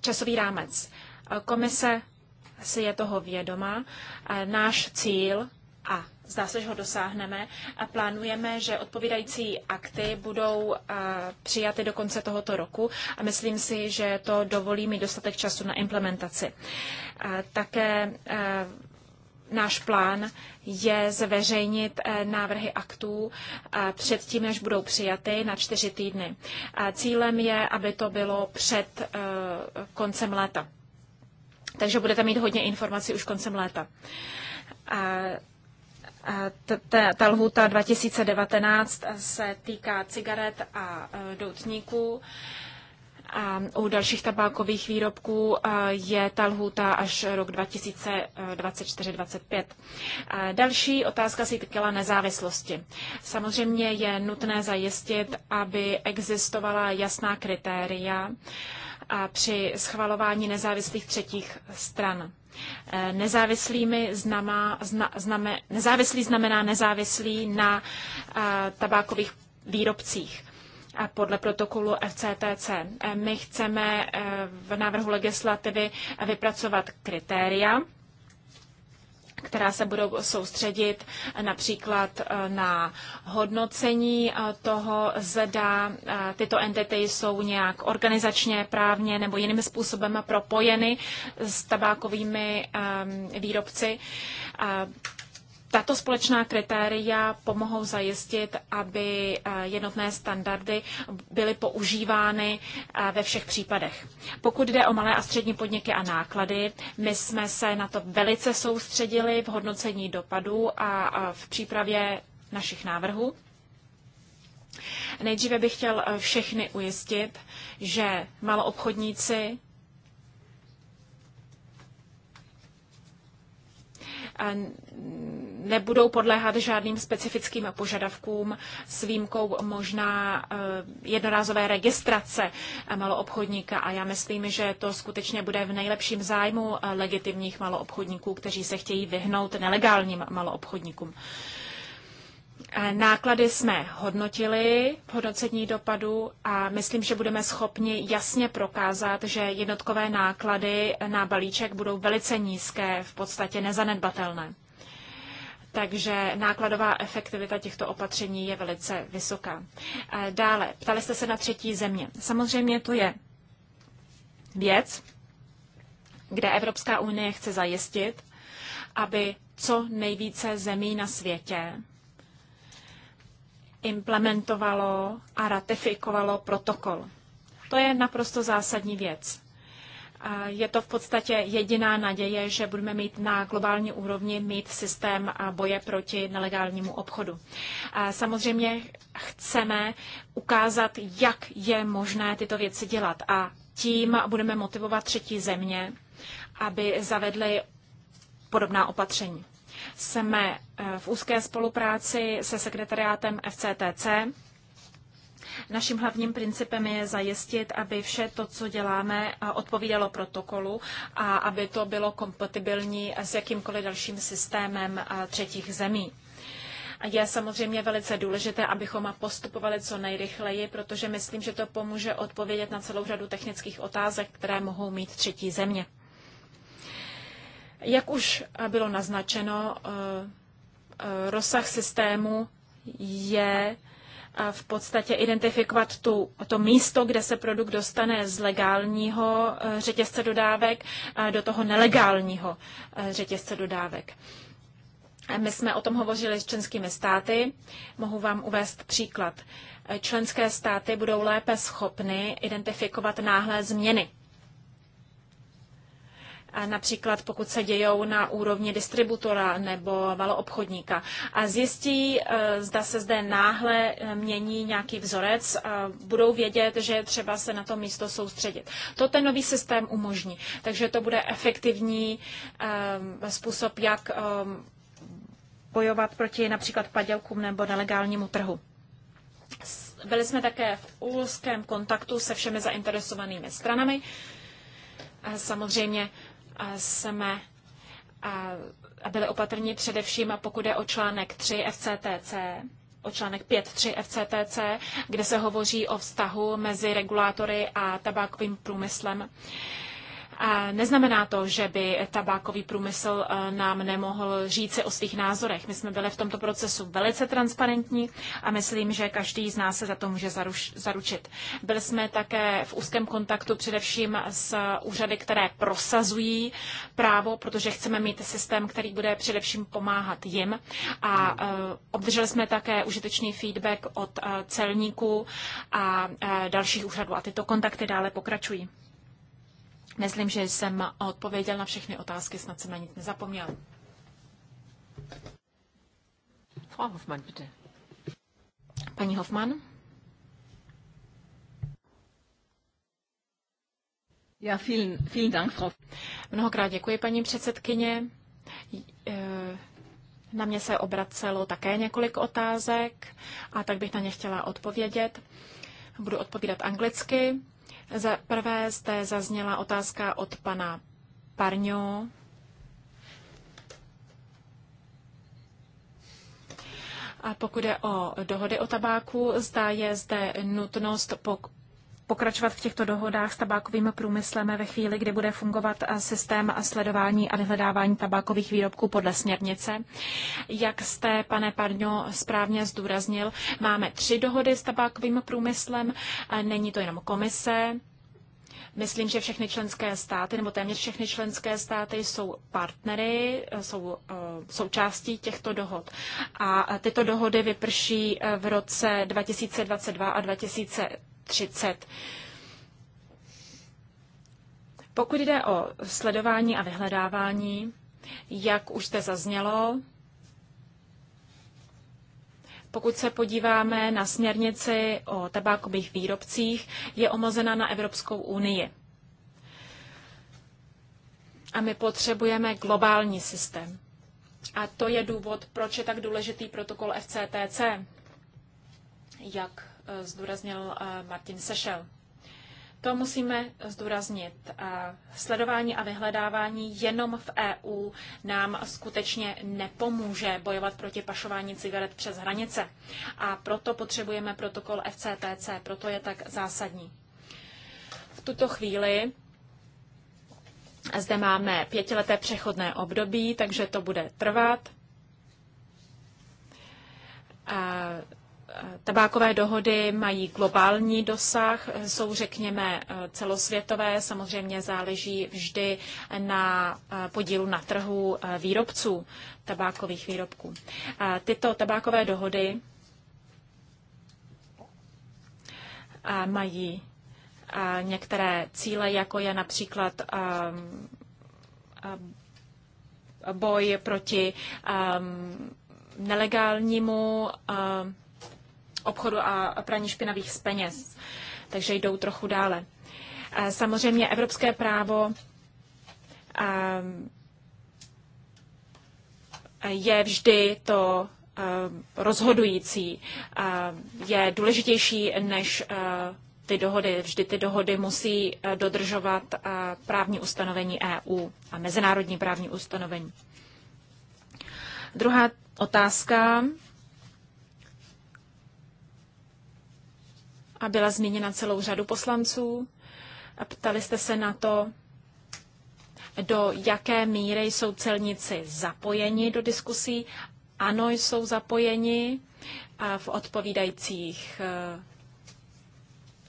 časový rámec. Komise si je toho vědoma. Náš cíl a zdá se, že ho dosáhneme a plánujeme, že odpovídající akty budou eh, přijaty do konce tohoto roku a myslím si, že to dovolí mi dostatek času na implementaci. Eh, také eh, náš plán je zveřejnit návrhy aktů předtím, než budou přijaty na čtyři týdny. Cílem je, aby to bylo před koncem léta. Takže budete mít hodně informací už koncem léta ta lhůta 2019 se týká cigaret a e, doutníků. A u dalších tabákových výrobků eh, je ta lhůta až rok 2024-2025. Eh, další otázka se týkala nezávislosti. Samozřejmě je nutné zajistit, aby existovala jasná kritéria eh, při schvalování nezávislých třetích stran. Nezávislými znamá, zna, znamen, nezávislý znamená nezávislý na a, tabákových výrobcích podle protokolu FCTC. Eh, my chceme eh, v návrhu legislativy vypracovat kritéria, která se budou soustředit například eh, na hodnocení toho, zda tyto entity jsou nějak organizačně, právně nebo jiným způsobem propojeny s tabákovými výrobci. Tato společná kritéria pomohou zajistit, aby eh, jednotné standardy byly používány eh, ve všech případech. Pokud jde o malé a střední podniky a náklady, my jsme se na to velice soustředili v hodnocení dopadů a v přípravě našich návrhů. Nejdříve bych chtěl eh, všechny ujistit, že maloobchodníci nebudou podléhat žádným specifickým požadavkům s výjimkou možná eh, jednorázové registrace maloobchodníka. A já myslím, že to skutečně bude v nejlepším zájmu eh, legitimních maloobchodníků, kteří se chtějí vyhnout nelegálním maloobchodníkům. Náklady jsme hodnotili v hodnocení dopadu a myslím, že budeme schopni jasně prokázat, že jednotkové náklady na balíček budou velice nízké, v podstatě nezanedbatelné. Takže nákladová efektivita těchto opatření je velice vysoká. Dále, ptali jste se na třetí země. Samozřejmě to je věc, kde Evropská unie chce zajistit, aby co nejvíce zemí na světě implementovalo a ratifikovalo protokol. To je naprosto zásadní věc. Je to v podstatě jediná naděje, že budeme mít na globální úrovni mít systém boje proti nelegálnímu obchodu. Samozřejmě chceme ukázat, jak je možné tyto věci dělat a tím budeme motivovat třetí země, aby zavedly podobná opatření. Jsme eh, v úzké spolupráci se sekretariátem FCTC. Naším hlavním principem je zajistit, aby vše to, co děláme, eh, odpovídalo protokolu a aby to bylo kompatibilní s jakýmkoliv dalším systémem eh, třetích zemí. Je samozřejmě velice důležité, abychom postupovali co nejrychleji, protože myslím, že to pomůže odpovědět na celou řadu technických otázek, které mohou mít třetí země. Jak už bylo naznačeno, eh, eh, rozsah systému je eh, v podstatě identifikovat tu, to místo, kde se produkt dostane z legálního řetězce dodávek do toho nelegálního řetězce dodávek. My jsme o tom hovořili s členskými státy. Mohu vám uvést příklad. Členské státy budou lépe schopny identifikovat náhlé změny například pokud se dějou na úrovni distributora nebo maloobchodníka a zjistí, eh, zda se zde náhle eh, mění nějaký vzorec, budou vědět, že třeba se na to místo soustředit. To ten nový systém umožní, takže to bude efektivní eh, způsob, jak bojovat proti například padělkům nebo nelegálnímu trhu. Byli jsme také v úzkém kontaktu se všemi zainteresovanými stranami. samozřejmě jsme byli opatrní především, pokud je o článek 3 FCTC, o článek 5.3 FCTC, kde se hovoří o vztahu mezi regulátory a tabákovým průmyslem. Uh, Neznamená to, že by tabákový průmysl eh, nám nemohl říci o svých názorech. My jsme byli v tomto procesu velice transparentní a myslím, že každý z nás se za to může zaruš, zaručit. Byli jsme také v úzkém kontaktu především s úřady, které prosazují právo, protože chceme mít systém, který bude především pomáhat jim. A eh, obdrželi jsme také užitečný feedback od eh, celníků a dalších úřadů. A tyto kontakty dále pokračují. Myslím, že jsem odpověděl na všechny otázky, snad jsem na nic nezapomněl. Frau Hoffmann, bitte. Paní Hoffmann. Ja, vielen, vielen Dank, Frau. Mnohokrát děkuji, paní předsedkyně. E, na mě se obracelo také několik otázek a tak bych na ně chtěla odpovědět. Budu odpovídat anglicky. Za prvé zde zazněla otázka od pana Parňo. A pokud je o dohody o tabáku, zda je zde nutnost pokračovat v těchto dohodách s tabákovým průmyslem ve chvíli, kdy bude fungovat systém sledování a vyhledávání tabákových výrobků podle směrnice. Jak jste, pane Parňo, správně zdůraznil, máme tři dohody s tabákovým průmyslem, není to jenom komise, Myslím, že všechny členské státy, nebo téměř všechny členské státy jsou partnery, jsou eh, součástí těchto dohod. A tyto dohody vyprší v roce 2022 a 2023. 30. Pokud jde o sledování a vyhledávání, jak už jste zaznělo, pokud se podíváme na směrnici o tabákových výrobcích, je omezena na Evropskou unii. A my potřebujeme globální systém. A to je důvod, proč je tak důležitý protokol FCTC, jak Eh, zdůraznil eh, Martin Sešel. To musíme zdůraznit. Eh, sledování a vyhledávání jenom v EU nám skutečně nepomůže bojovat proti pašování cigaret přes hranice. A proto potřebujeme protokol FCTC, proto je tak zásadní. V tuto chvíli zde máme pětileté přechodné období, takže to bude trvat. A Tabákové dohody mají globální dosah, jsou řekněme celosvětové, samozřejmě záleží vždy na eh, podílu na trhu eh, výrobců tabákových výrobků. Eh, tyto tabákové dohody mají některé cíle, jako je například boj proti nelegálnímu obchodu a praní špinavých z peněz. Takže jdou trochu dále. Samozřejmě evropské právo je vždy to rozhodující, je důležitější než ty dohody. Vždy ty dohody musí dodržovat právní ustanovení EU a mezinárodní právní ustanovení. Druhá otázka a byla zmíněna celou řadu poslanců. A ptali jste se na to, do jaké míry jsou celníci zapojeni do diskusí. Ano, jsou zapojeni v odpovídajících e,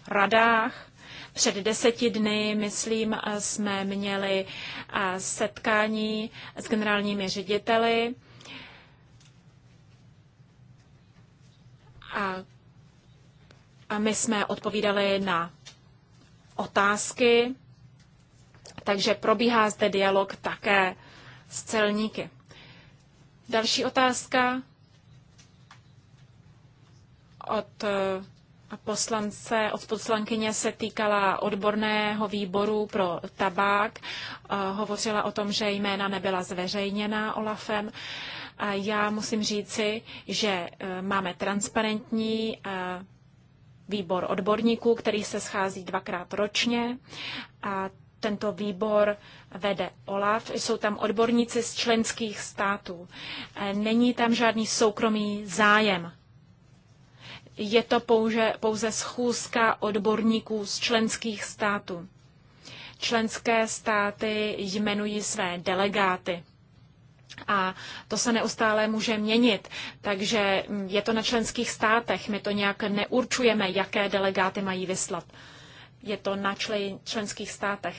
radách. Před deseti dny, myslím, e, jsme měli e, setkání s generálními řediteli. A my jsme odpovídali na otázky, takže probíhá zde dialog také s celníky. Další otázka od eh, poslance, od poslankyně se týkala odborného výboru pro tabák. Eh, hovořila o tom, že jména nebyla zveřejněna Olafem. Já musím říci, že eh, máme transparentní výbor odborníků, který se schází dvakrát ročně. A tento výbor vede OLAF. Jsou tam odborníci z členských států. E, není tam žádný soukromý zájem. Je to pouze, pouze schůzka odborníků z členských států. Členské státy jmenují své delegáty. A to se neustále může měnit, takže je to na členských státech. My to nějak neurčujeme, jaké delegáty mají vyslat. Je to na členských státech.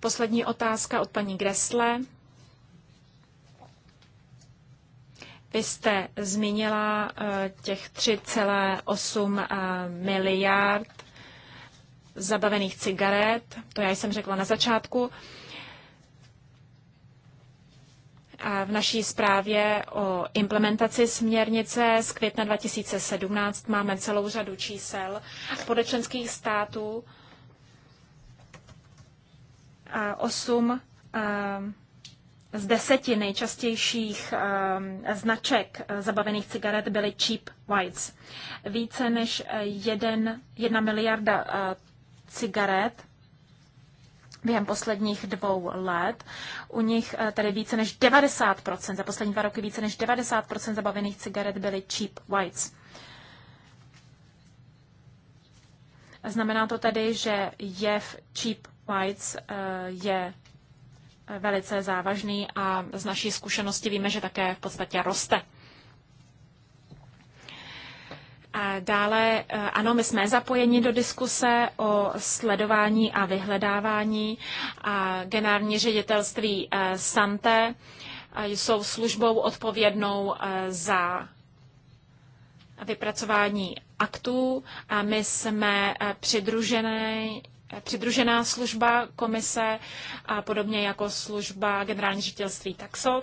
Poslední otázka od paní Gresle. Vy jste zmínila eh, těch 3,8 eh, miliard zabavených cigaret, to já jsem řekla na začátku v naší zprávě o implementaci směrnice z května 2017 máme celou řadu čísel podle členských států. 8 z deseti nejčastějších značek zabavených cigaret byly cheap whites. Více než 1 miliarda cigaret během posledních dvou let. U nich eh, tedy více než 90%, za poslední dva roky více než 90% zabavených cigaret byly cheap whites. Znamená to tedy, že jev cheap whites eh, je eh, velice závažný a z naší zkušenosti víme, že také v podstatě roste. Dále, eh, ano, my jsme zapojeni do diskuse o sledování a vyhledávání. Generální ředitelství eh, Sante eh, jsou službou odpovědnou za vypracování aktů a my jsme přidružené přidružená služba komise, a podobně jako služba generální ředitelství Taxo.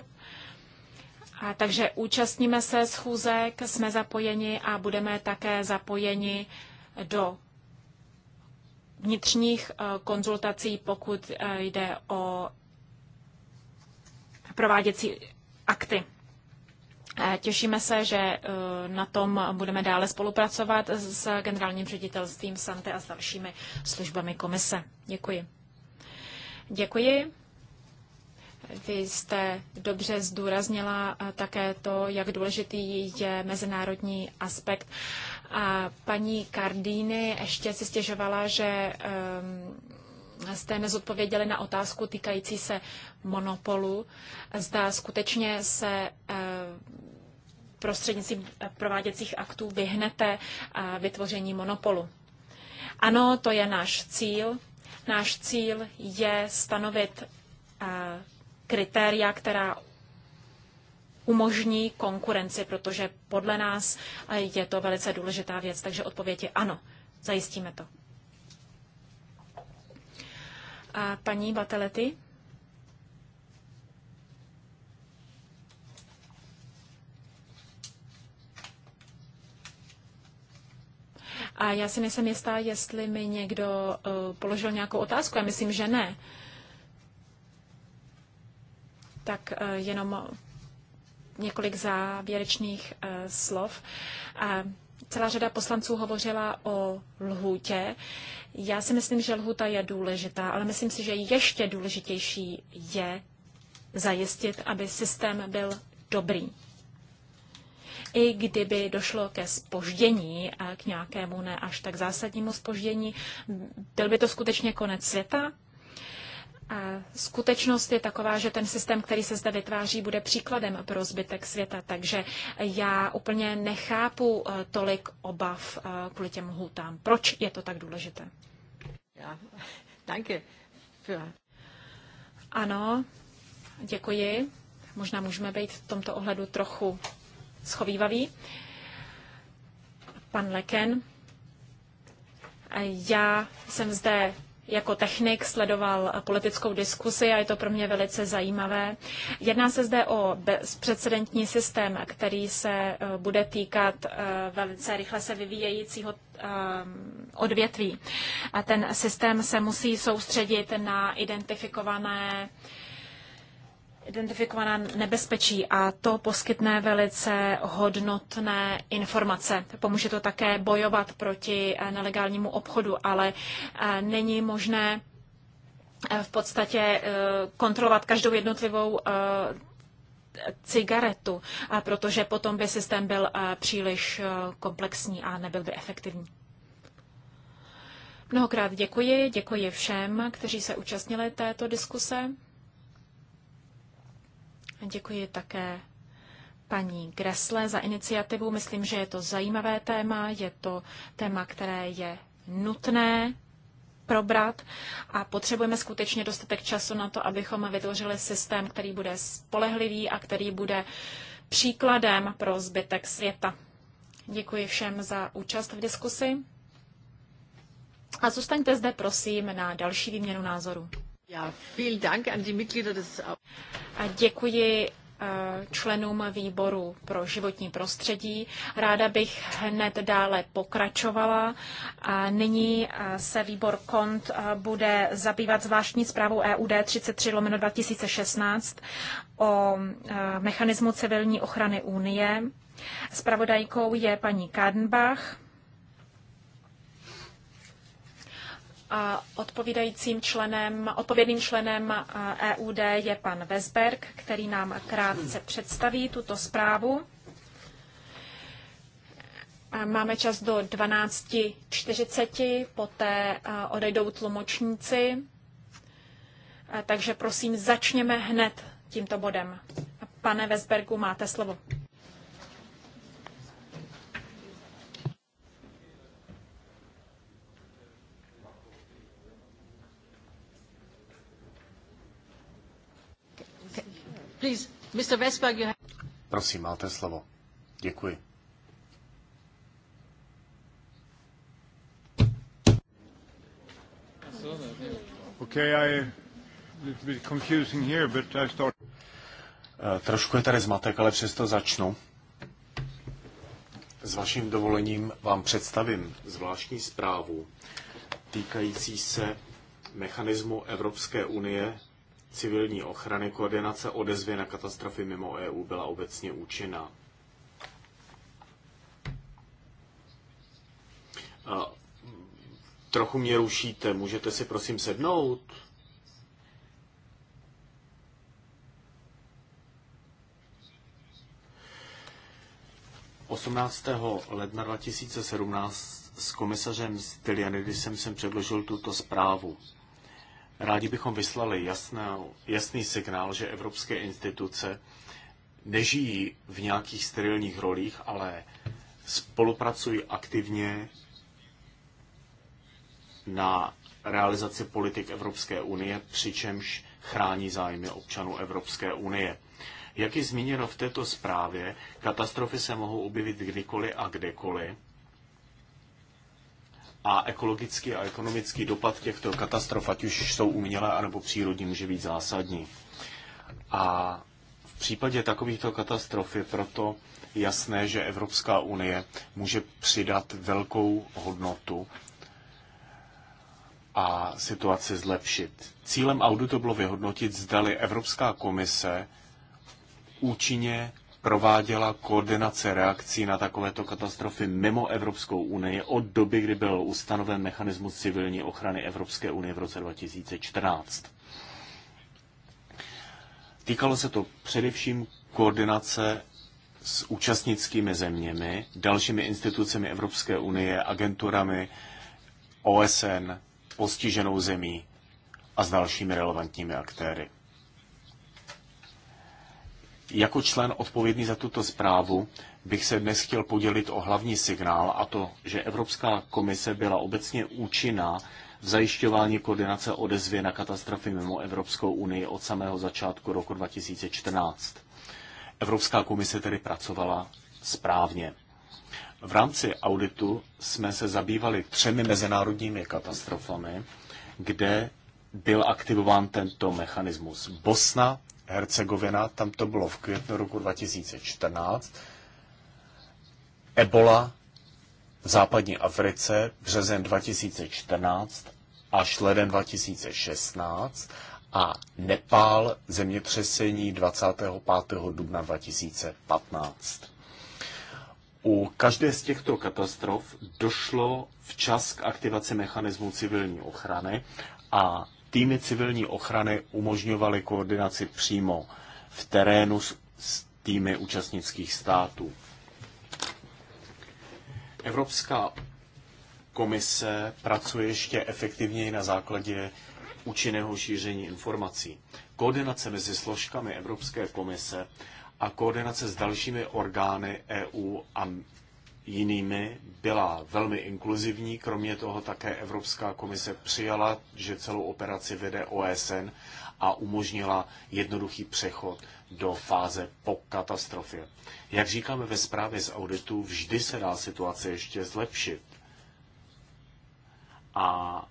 A takže účastníme se schůzek, jsme zapojeni a budeme také zapojeni do vnitřních eh, konzultací, pokud eh, jde o prováděcí akty. Eh, těšíme se, že na tom budeme dále spolupracovat s generálním ředitelstvím Sante a s dalšími službami komise. Děkuji. Děkuji. Vy jste dobře zdůraznila také to, jak důležitý je mezinárodní aspekt. A paní Cardini ještě si stěžovala, že ehm, jste nezodpověděli na otázku týkající se monopolu. Zda skutečně se ehm, prostřednictvím prováděcích aktů vyhnete vytvoření monopolu. Ano, to je náš cíl. Náš cíl je stanovit kritéria, která umožní konkurenci, protože podle nás je to velice důležitá věc. Takže odpověď je ano, zajistíme to. A paní Batelety? A já si nejsem jistá, jestli mi někdo uh, položil nějakou otázku. Já myslím, že ne. Uh, tak eh, jenom několik závěrečných eh, slov. Celá řada poslanců hovořila o lhůtě. Já si myslím, že lhůta je důležitá, ale myslím si, že ještě důležitější je zajistit, aby systém byl dobrý. I kdyby došlo ke spoždění, eh, k nějakému ne až tak zásadnímu spoždění, byl by to skutečně konec světa? Skutečnost je taková, že ten systém, který se zde vytváří, bude příkladem pro zbytek světa, takže já úplně nechápu eh, tolik obav eh, kvůli těm hůtám. Proč je to tak důležité? Já, danke. Ano, děkuji. Možná můžeme být v tomto ohledu trochu schovývaví. Pan Leken, já jsem zde jako technik sledoval politickou diskusi a je to pro mě velice zajímavé. Jedná se zde o bezprecedentní systém, který se eh, bude týkat eh, velice rychle se vyvíjejícího eh, odvětví. A ten systém se musí soustředit na identifikované identifikovaná nebezpečí a to poskytne velice hodnotné informace. Pomůže to také bojovat proti eh, nelegálnímu obchodu, ale eh, není možné eh, v podstatě kontrolovat každou jednotlivou cigaretu, protože potom by systém byl příliš komplexní a nebyl by efektivní. Mnohokrát děkuji, děkuji všem, kteří se účastnili této diskuse. Děkuji také paní Gresle za iniciativu. Myslím, že je to zajímavé téma, je to téma, které je nutné probrat a potřebujeme skutečně dostatek času na to, abychom vytvořili systém, který bude spolehlivý a který bude příkladem pro zbytek světa. Děkuji všem za účast v diskusi a zůstaňte zde, prosím, na další výměnu názorů. A děkuji eh, členům výboru pro životní prostředí. Ráda bych hned dále pokračovala. A nyní eh, se výbor KONT eh, bude zabývat zvláštní zprávou EUD 33 lomeno 2016 o mechanismu civilní ochrany Unie. Spravodajkou je paní Kadenbach. Odpovídajícím členem, odpovědným členem EUD je pan Vesberg, který nám krátce představí tuto zprávu. Máme čas do 12.40, poté odejdou tlumočníci, takže prosím, začněme hned tímto bodem. Pane Vesbergu, máte slovo. Please, Mr. Vesberg, you have... Prosím, máte slovo. Děkuji. Okay, I, it's a bit confusing here, but I start... Eh, trošku je tady zmatek, ale přesto začnu. S vaším dovolením vám představím zvláštní zprávu týkající se mechanismu Evropské unie civilní ochrany koordinace odezvy na katastrofy mimo EU byla obecně účinná. A trochu mě rušíte, můžete si prosím sednout? Osmnáctého ledna 2017 s komisařem Stylianidisem jsem předložil tuto zprávu. Rádi bychom vyslali jasná, jasný signál, že evropské instituce nežijí v nějakých sterilních rolích, ale spolupracují aktivně na realizaci politik Evropské unie, přičemž chrání zájmy občanů Evropské unie. Jak je zmíněno v této zprávě, katastrofy se mohou objevit kdykoliv a kdekoliv a ekologický a ekonomický dopad těchto katastrof, ať už jsou umělé anebo přírodní, může být zásadní. A v případě takovýchto katastrof je proto jasné, že Evropská unie může přidat velkou hodnotu a situaci zlepšit. Cílem auditu bylo vyhodnotit, zdali Evropská komise účinně prováděla koordinace reakcí na takovéto katastrofy mimo Evropskou unii od doby, kdy byl ustanoven mechanismus civilní ochrany Evropské unie v roce 2014. Týkalo se to především koordinace s účastnickými zeměmi, dalšími institucemi Evropské unie, agenturami, OSN, postiženou zemí a s dalšími relevantními aktéry. Jako člen odpovědný za tuto zprávu bych se dnes chtěl podělit o hlavní signál a to, že Evropská komise byla obecně účinná v zajišťování koordinace odezvy na katastrofy mimo Evropskou unii od samého začátku roku 2014. Evropská komise tedy pracovala správně. V rámci auditu jsme se zabývali třemi mezinárodními katastrofami, kde byl aktivován tento mechanismus. Bosna, Hercegovina, tam to bylo v květnu roku 2014, Ebola v západní Africe, březen 2014 až leden 2016 a Nepál zemětřesení 25. dubna 2015. U každé z těchto katastrof došlo včas k aktivaci mechanismu civilní ochrany a týmy civilní ochrany umožňovaly koordinaci přímo v terénu s týmy účastnických států. Evropská komise pracuje ještě efektivněji na základě účinného šíření informací. Koordinace mezi složkami Evropské komise a koordinace s dalšími orgány EU a jinými byla velmi inkluzivní. Kromě toho také Evropská komise přijala, že celou operaci vede OSN a umožnila jednoduchý přechod do fáze po katastrofě. Jak říkáme ve zprávě z auditu, vždy se dá situace ještě zlepšit. A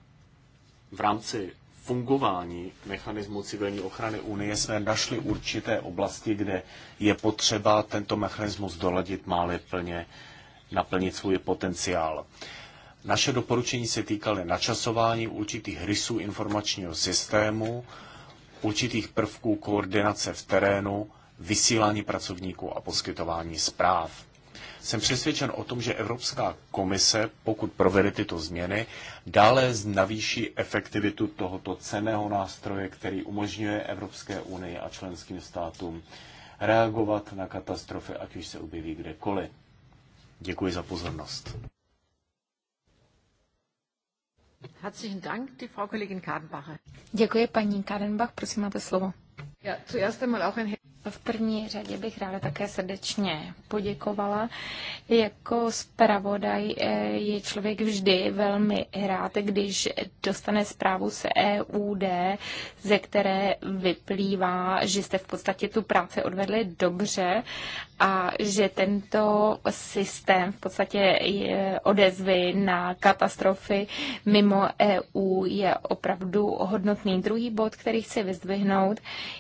v rámci fungování mechanismu civilní ochrany Unie jsme našli určité oblasti, kde je potřeba tento mechanismus doladit, má plně naplnit svůj potenciál. Naše doporučení se týkaly načasování určitých rysů informačního systému, určitých prvků koordinace v terénu, vysílání pracovníků a poskytování zpráv. Jsem přesvědčen o tom, že Evropská komise, pokud provede tyto změny, dále navýší efektivitu tohoto ceného nástroje, který umožňuje Evropské unii a členským státům reagovat na katastrofy, ať už se objeví kdekoliv. Děkuji za pozornost. Herzlichen Dank, die Frau Kollegin Kadenbacher. Děkuji, paní Kadenbach, prosím, máte slovo. Ja, zuerst einmal auch ein v první řadě bych ráda také srdečně poděkovala. Jako zpravodaj eh, je člověk vždy velmi rád, když dostane zprávu z EUD, ze které vyplývá, že jste v podstatě tu práci odvedli dobře a že tento systém v podstatě odezvy na katastrofy mimo EU je opravdu hodnotný. Druhý bod, který chci vyzdvihnout,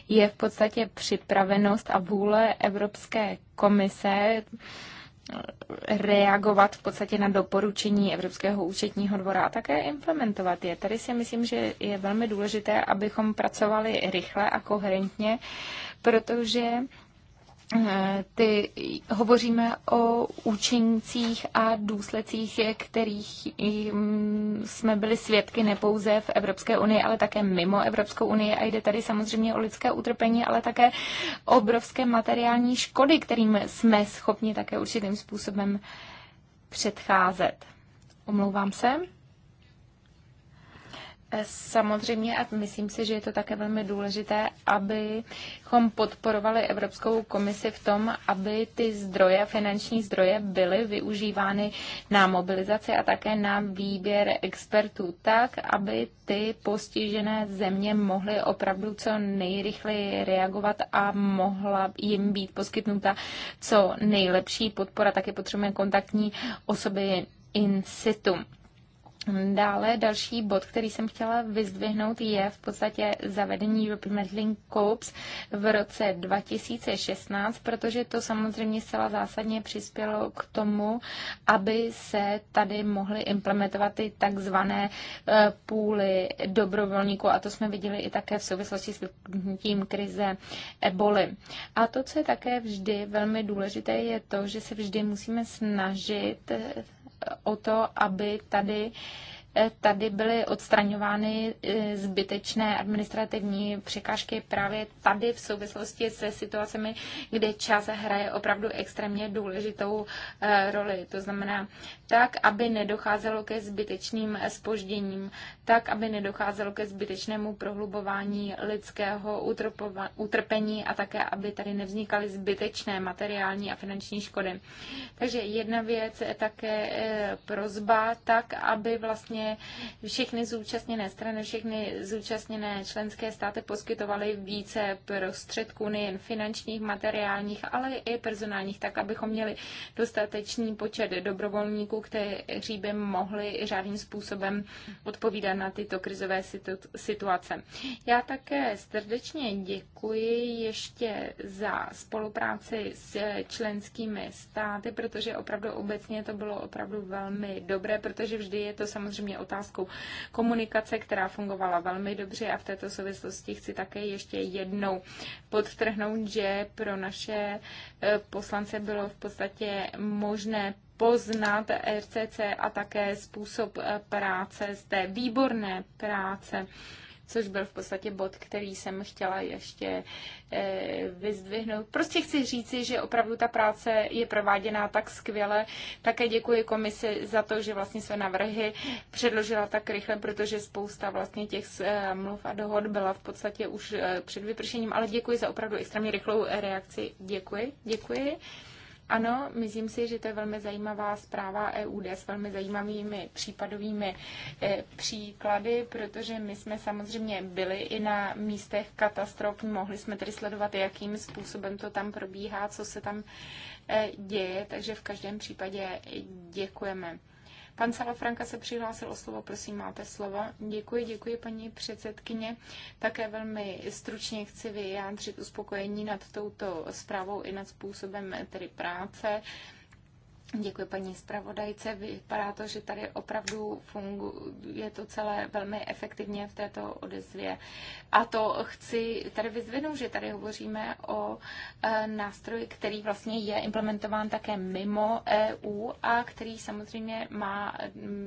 je v podstatě připraven připravenost a vůle Evropské komise reagovat v podstatě na doporučení Evropského účetního dvora a také implementovat je. Tady si myslím, že je velmi důležité, abychom pracovali rychle a koherentně, protože ty, hovoříme o účincích a důsledcích, kterých jsme byli svědky nepouze v Evropské unii, ale také mimo Evropskou unii. A jde tady samozřejmě o lidské utrpení, ale také obrovské materiální škody, kterým jsme schopni také určitým způsobem předcházet. Omlouvám se. Samozřejmě a myslím si, že je to také velmi důležité, abychom podporovali Evropskou komisi v tom, aby ty zdroje, finanční zdroje byly využívány na mobilizaci a také na výběr expertů tak, aby ty postižené země mohly opravdu co nejrychleji reagovat a mohla jim být poskytnuta co nejlepší podpora. Také potřebujeme kontaktní osoby in situ. Dále další bod, který jsem chtěla vyzdvihnout, je v podstatě zavedení European Meddling Corps v roce 2016, protože to samozřejmě zcela zásadně přispělo k tomu, aby se tady mohly implementovat ty takzvané eh, půly dobrovolníků a to jsme viděli i také v souvislosti s tím krize eboli. A to, co je také vždy velmi důležité, je to, že se vždy musíme snažit o to, aby tady tady byly odstraňovány e, zbytečné administrativní překážky právě tady v souvislosti se situacemi, kde čas hraje opravdu extrémně důležitou e, roli. To znamená tak, aby nedocházelo ke zbytečným spožděním, tak, aby nedocházelo ke zbytečnému prohlubování lidského utrpení a také, aby tady nevznikaly zbytečné materiální a finanční škody. Takže jedna věc je také e, prozba, tak, aby vlastně vlastně všechny zúčastněné strany, všechny zúčastněné členské státy poskytovaly více prostředků, nejen finančních, materiálních, ale i personálních, tak abychom měli dostatečný počet dobrovolníků, kteří by mohli řádným způsobem odpovídat na tyto krizové situace. Já také srdečně děkuji ještě za spolupráci s členskými státy, protože opravdu obecně to bylo opravdu velmi dobré, protože vždy je to samozřejmě samozřejmě otázkou komunikace, která fungovala velmi dobře a v této souvislosti chci také ještě jednou podtrhnout, že pro naše eh, poslance bylo v podstatě možné poznat RCC a také způsob eh, práce, z té výborné práce což byl v podstatě bod, který jsem chtěla ještě eh, vyzdvihnout. Prostě chci říci, že opravdu ta práce je prováděná tak skvěle. Také děkuji komisi za to, že vlastně své navrhy předložila tak rychle, protože spousta vlastně těch eh, mluv a dohod byla v podstatě už eh, před vypršením, ale děkuji za opravdu extrémně rychlou reakci. Děkuji, děkuji. Ano, myslím si, že to je velmi zajímavá zpráva EUD e s velmi zajímavými případovými eh, příklady, protože my jsme samozřejmě byli i na místech katastrof, mohli jsme tedy sledovat, jakým způsobem to tam probíhá, co se tam eh, děje, takže v každém případě děkujeme. Pan Salafranka se přihlásil o slovo, prosím, máte slovo. Děkuji, děkuji paní předsedkyně. Také velmi stručně chci vyjádřit uspokojení nad touto zprávou i nad způsobem tedy práce. Děkuji paní zpravodajce. Vypadá to, že tady opravdu funguje to celé velmi efektivně v této odezvě. A to chci tady vyzvinout, že tady hovoříme o e, nástroji, který vlastně je implementován také mimo EU a který samozřejmě má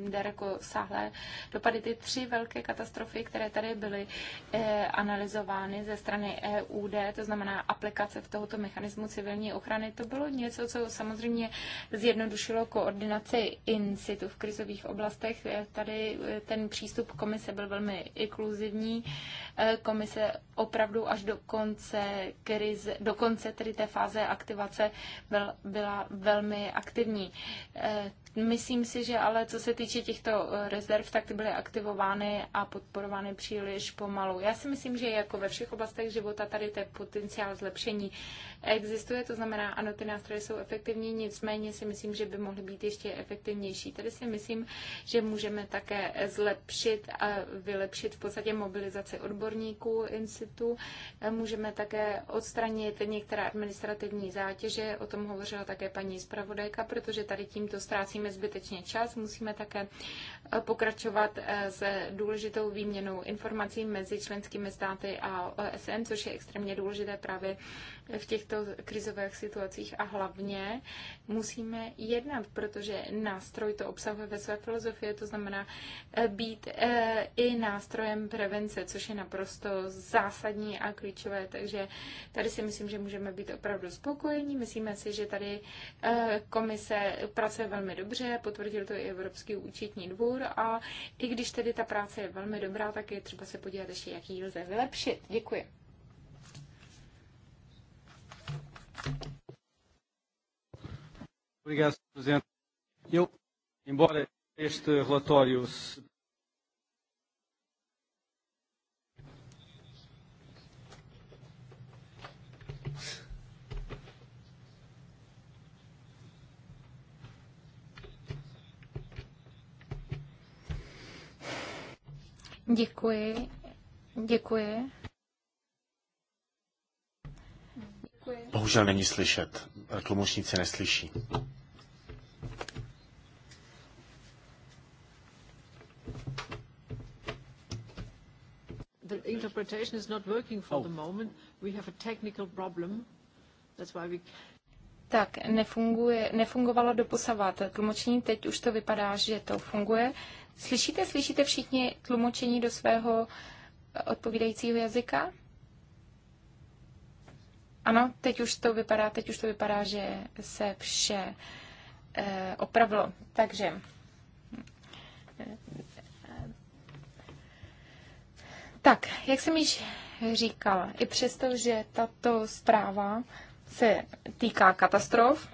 daleko jako sáhlé dopady. Ty tři velké katastrofy, které tady byly e, analyzovány ze strany EUD, to znamená aplikace v tohoto mechanismu civilní ochrany, to bylo něco, co samozřejmě zjevně zjednodušilo koordinaci in situ v krizových oblastech. Eh, Tady eh, ten přístup komise byl velmi inkluzivní. Eh, komise opravdu až do konce, kriz, do konce tedy té fáze aktivace byl, byla velmi aktivní. Myslím si, že ale co se týče těchto eh, rezerv, tak ty byly aktivovány a podporovány příliš pomalu. Já si myslím, že jako ve všech oblastech života tady ten potenciál zlepšení existuje, to znamená, ano, ty nástroje jsou efektivní, nicméně si myslím, že by mohly být ještě efektivnější. Tady si myslím, že můžeme také zlepšit a vylepšit v podstatě mobilizaci odborníků institu. Můžeme také odstranit některé administrativní zátěže, o tom hovořila také paní zpravodajka, protože tady tímto ztrácíme ztrácíme zbytečně čas, musíme také Eh, pokračovat eh, s důležitou výměnou informací mezi členskými státy a OSN, což je extrémně důležité právě v těchto krizových situacích a hlavně musíme jednat, protože nástroj to obsahuje ve své filozofii, to znamená eh, být i nástrojem prevence, což je naprosto zásadní a klíčové, takže tady si myslím, že můžeme být opravdu spokojení, myslíme si, že tady komise pracuje velmi dobře, potvrdil to i Evropský účetní dvůr, agentur a i když tedy ta práce je velmi dobrá, tak je třeba se podívat ještě, jak ji lze vylepšit. Děkuji. Obrigado, Presidente. Eu, embora este relatório se Děkuji. Děkuji. Děkuji. Bohužel není slyšet. Tlumočníci neslyší. The interpretation is not working for oh. the moment. We have a technical problem. That's why we tak nefunguje, nefungovalo doposavat tlumočení, teď už to vypadá, že to funguje. Slyšíte, slyšíte všichni tlumočení do svého eh, odpovídajícího jazyka? Ano, teď už to vypadá, teď už to vypadá, že se vše eh, opravilo. Takže eh, tak, jak jsem již říkala, i přesto, že tato zpráva se týká katastrof,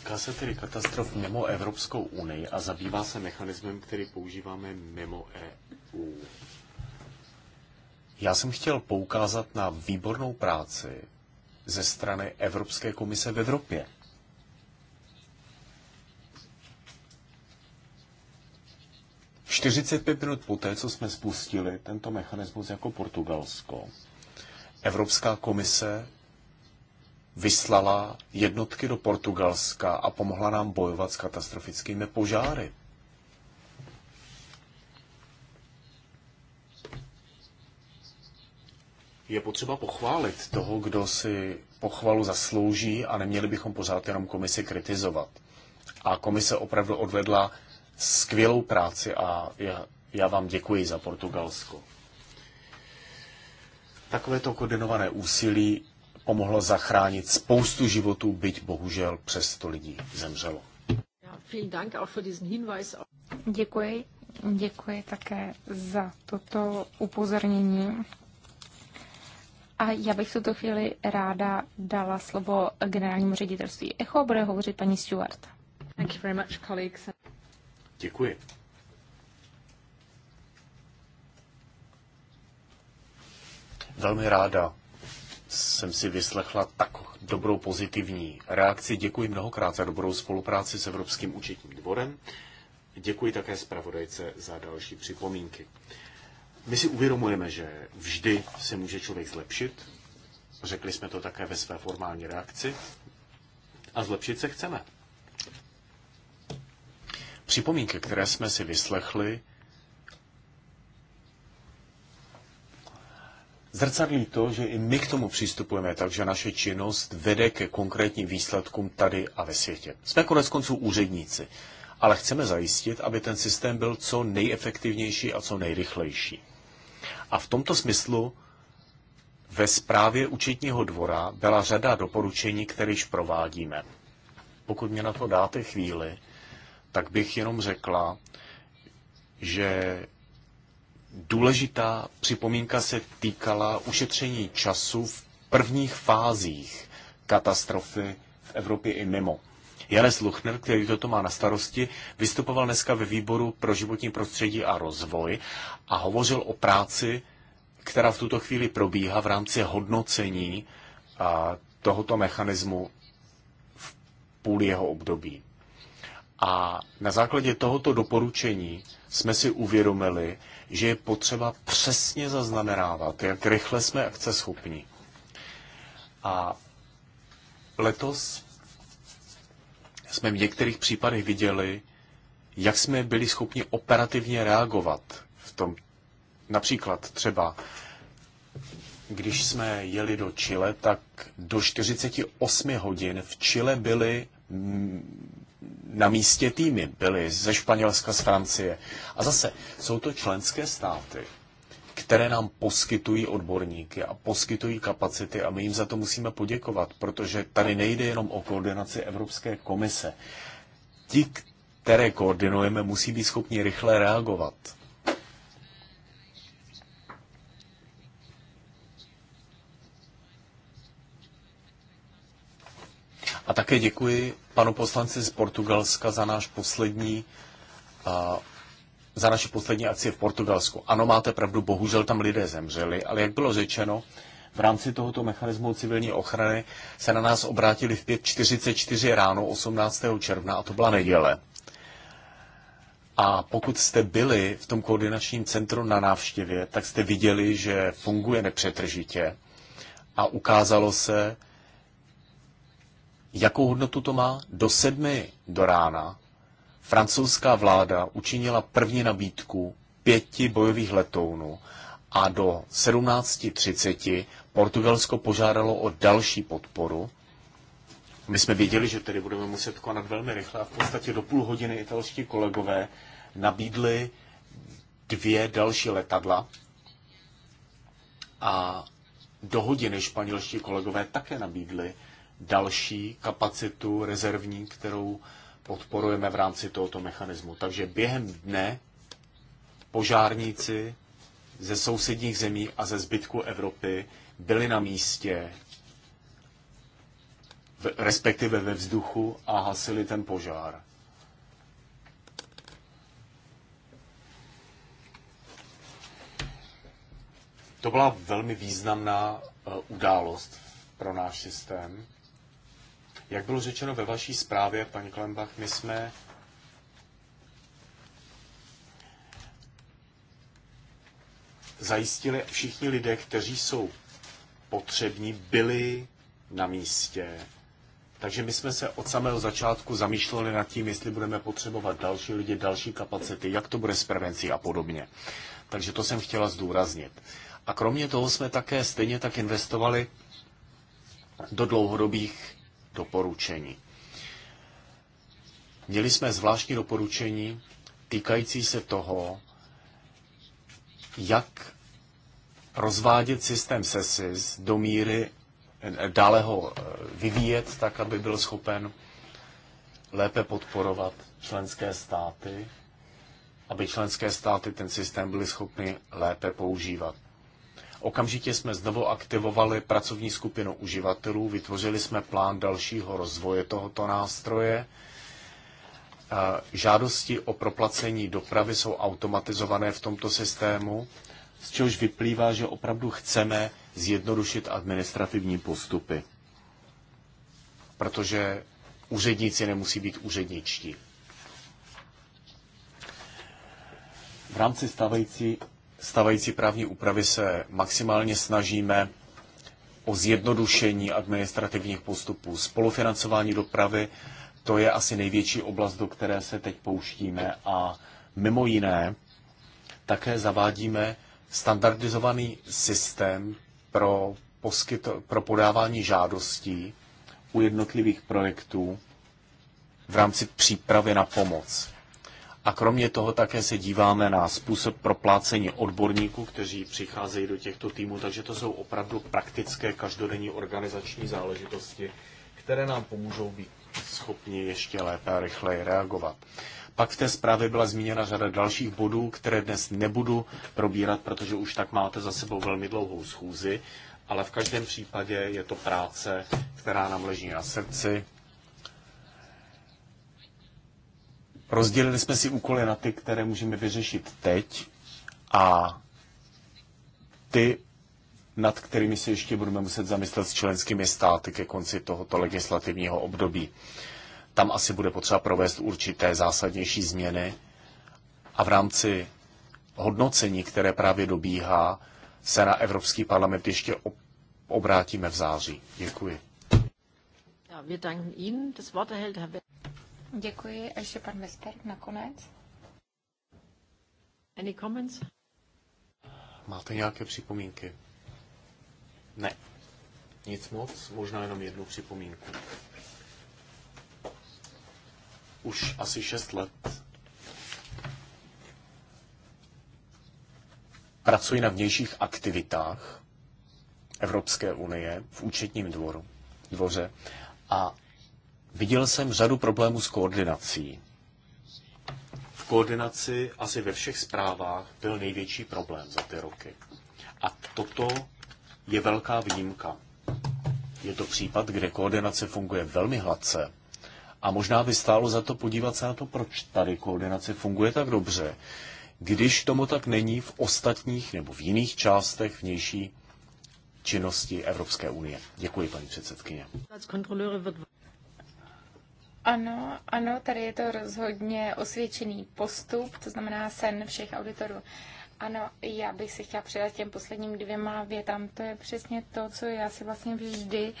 Týká se tedy katastrof mimo Evropskou unii a zabývá se mechanismem, který používáme mimo EU. Já jsem chtěl poukázat na výbornou práci ze strany Evropské komise v Evropě. Čtyřicet pět minut poté, co jsme spustili tento mechanismus jako Portugalsko, Evropská komise vyslala jednotky do Portugalska a pomohla nám bojovat s katastrofickými požáry. Je potřeba pochválit toho, kdo si pochvalu zaslouží a neměli bychom pořád jenom komisi kritizovat. A komise opravdu odvedla skvělou práci a já, já vám děkuji za Portugalsko. Takovéto koordinované úsilí pomohlo zachránit spoustu životů, byť bohužel přes to lidí zemřelo. Děkuji. Děkuji také za toto upozornění. A já bych v tuto chvíli ráda dala slovo generálnímu ředitelství ECHO, bude hovořit paní Stewart. Thank you very much, colleagues. Děkuji. Velmi ráda jsem si vyslechla tak dobrou pozitivní reakci. Děkuji mnohokrát za dobrou spolupráci s Evropským účetním dvorem. Děkuji také zpravodajce za další připomínky. My si uvědomujeme, že vždy se může člověk zlepšit. Řekli jsme to také ve své formální reakci. A zlepšit se chceme. Připomínky, které jsme si vyslechli, zrcadlí to, že i my k tomu přistupujeme, takže naše činnost vede ke konkrétním výsledkům tady a ve světě. Jsme konec konců úředníci, ale chceme zajistit, aby ten systém byl co nejefektivnější a co nejrychlejší. A v tomto smyslu ve zprávě účetního dvora byla řada doporučení, kteréž provádíme. Pokud mě na to dáte chvíli, tak bych jenom řekla, že důležitá připomínka se týkala ušetření času v prvních fázích katastrofy v Evropě i mimo. Janes Luchner, který toto má na starosti, vystupoval dneska ve výboru pro životní prostředí a rozvoj a hovořil o práci, která v tuto chvíli probíhá v rámci hodnocení tohoto mechanismu v půl jeho období. A na základě tohoto doporučení jsme si uvědomili, že je potřeba přesně zaznamenávat, jak rychle jsme akce schopni. A letos jsme v některých případech viděli, jak jsme byli schopni operativně reagovat v tom. Například třeba, když jsme jeli do Chile, tak do 48 hodin v Chile byly na místě týmy byly ze Španělska, z Francie. A zase jsou to členské státy, které nám poskytují odborníky a poskytují kapacity a my jim za to musíme poděkovat, protože tady nejde jenom o koordinaci Evropské komise. Ti, které koordinujeme, musí být schopni rychle reagovat A také děkuji panu poslanci z Portugalska za náš poslední za naši poslední akci v Portugalsku. Ano, máte pravdu, bohužel tam lidé zemřeli, ale jak bylo řečeno, v rámci tohoto mechanismu civilní ochrany se na nás obrátili v 5.44 ráno 18. června a to byla neděle. A pokud jste byli v tom koordinačním centru na návštěvě, tak jste viděli, že funguje nepřetržitě a ukázalo se, Jakou hodnotu to má? Do sedmi do rána francouzská vláda učinila první nabídku pěti bojových letounů a do 17.30 Portugalsko požádalo o další podporu. My jsme věděli, že tedy budeme muset konat velmi rychle a v podstatě do půl hodiny italští kolegové nabídli dvě další letadla a do hodiny španělští kolegové také nabídli další kapacitu rezervní, kterou podporujeme v rámci tohoto mechanismu. Takže během dne požárníci ze sousedních zemí a ze zbytku Evropy byli na místě, v, respektive ve vzduchu a hasili ten požár. To byla velmi významná e, událost pro náš systém. Jak bylo řečeno ve vaší zprávě, paní Klembach, my jsme zajistili, všichni lidé, kteří jsou potřební, byli na místě. Takže my jsme se od samého začátku zamýšleli nad tím, jestli budeme potřebovat další lidi, další kapacity, jak to bude s prevencí a podobně. Takže to jsem chtěla zdůraznit. A kromě toho jsme také stejně tak investovali do dlouhodobých doporučení. Měli jsme zvláštní doporučení týkající se toho, jak rozvádět systém SESIS do míry, eh, dále ho eh, vyvíjet tak, aby byl schopen lépe podporovat členské státy, aby členské státy ten systém byly schopny lépe používat. Okamžitě jsme znovu aktivovali pracovní skupinu uživatelů, vytvořili jsme plán dalšího rozvoje tohoto nástroje. Žádosti o proplacení dopravy jsou automatizované v tomto systému, z čehož vyplývá, že opravdu chceme zjednodušit administrativní postupy, protože úředníci nemusí být úředničtí. V rámci stávající stávající právní úpravy se maximálně snažíme o zjednodušení administrativních postupů. Spolufinancování dopravy, to je asi největší oblast, do které se teď pouštíme a mimo jiné také zavádíme standardizovaný systém pro, poskyt, pro podávání žádostí u jednotlivých projektů v rámci přípravy na pomoc. A kromě toho také se díváme na způsob proplácení odborníků, kteří přicházejí do těchto týmů, takže to jsou opravdu praktické každodenní organizační záležitosti, které nám pomůžou být schopni ještě lépe a rychleji reagovat. Pak v té zprávě byla zmíněna řada dalších bodů, které dnes nebudu probírat, protože už tak máte za sebou velmi dlouhou schůzi, ale v každém případě je to práce, která nám leží na srdci Rozdělili jsme si úkoly na ty, které můžeme vyřešit teď a ty, nad kterými se ještě budeme muset zamyslet s členskými státy ke konci tohoto legislativního období. Tam asi bude potřeba provést určité zásadnější změny a v rámci hodnocení, které právě dobíhá, se na Evropský parlament ještě obrátíme v září. Děkuji. Děkuji. A ještě pan Vesper nakonec. Any comments? Máte nějaké připomínky? Ne. Nic moc, možná jenom jednu připomínku. Už asi šest let pracuji na vnějších aktivitách Evropské unie v účetním dvoru, dvoře a Viděl jsem řadu problémů s koordinací. V koordinaci asi ve všech zprávách byl největší problém za ty roky. A toto je velká výjimka. Je to případ, kde koordinace funguje velmi hladce. A možná by stálo za to podívat se na to, proč tady koordinace funguje tak dobře, když tomu tak není v ostatních nebo v jiných částech vnější činnosti Evropské unie. Děkuji, paní předsedkyně. Ano, ano, tady je to rozhodně osvědčený postup, to znamená sen všech auditorů. Ano, já bych se chtěla předat těm posledním dvěma větám. To je přesně to, co já si vlastně vždy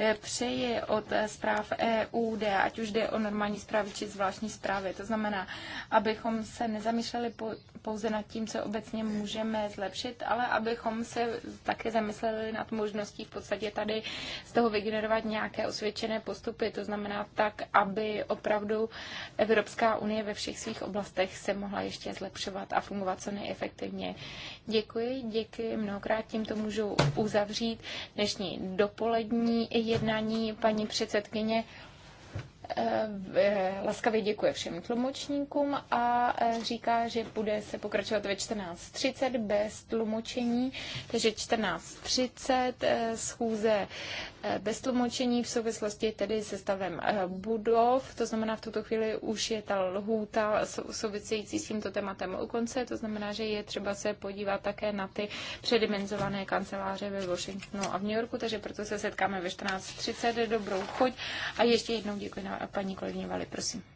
eh, přeji od eh, zpráv EUD, ať už jde o normální zprávy či zvláštní zprávy. To znamená, abychom se nezamýšleli po pouze nad tím, co obecně můžeme zlepšit, ale abychom se také zamysleli nad možností v podstatě tady z toho vygenerovat nějaké osvědčené postupy, to znamená tak, aby opravdu Evropská unie ve všech svých oblastech se mohla ještě zlepšovat a fungovat co nejefektivně. Děkuji, děkuji mnohokrát, tímto můžu uzavřít dnešní dopolední jednání paní předsedkyně. Eh, eh, laskavě děkuje všem tlumočníkům a eh, říká, že bude se pokračovat ve 14.30 bez tlumočení, takže 14.30 schůze Eh, bez tlumočení v souvislosti tedy se stavem eh, budov. To znamená, v tuto chvíli už je ta lhůta související s tímto tématem u konce. To znamená, že je třeba se podívat také na ty předimenzované kanceláře ve Washingtonu a v New Yorku, takže proto se setkáme ve 14.30. Dobrou chuť a ještě jednou děkuji na paní kolegyně Vali, prosím.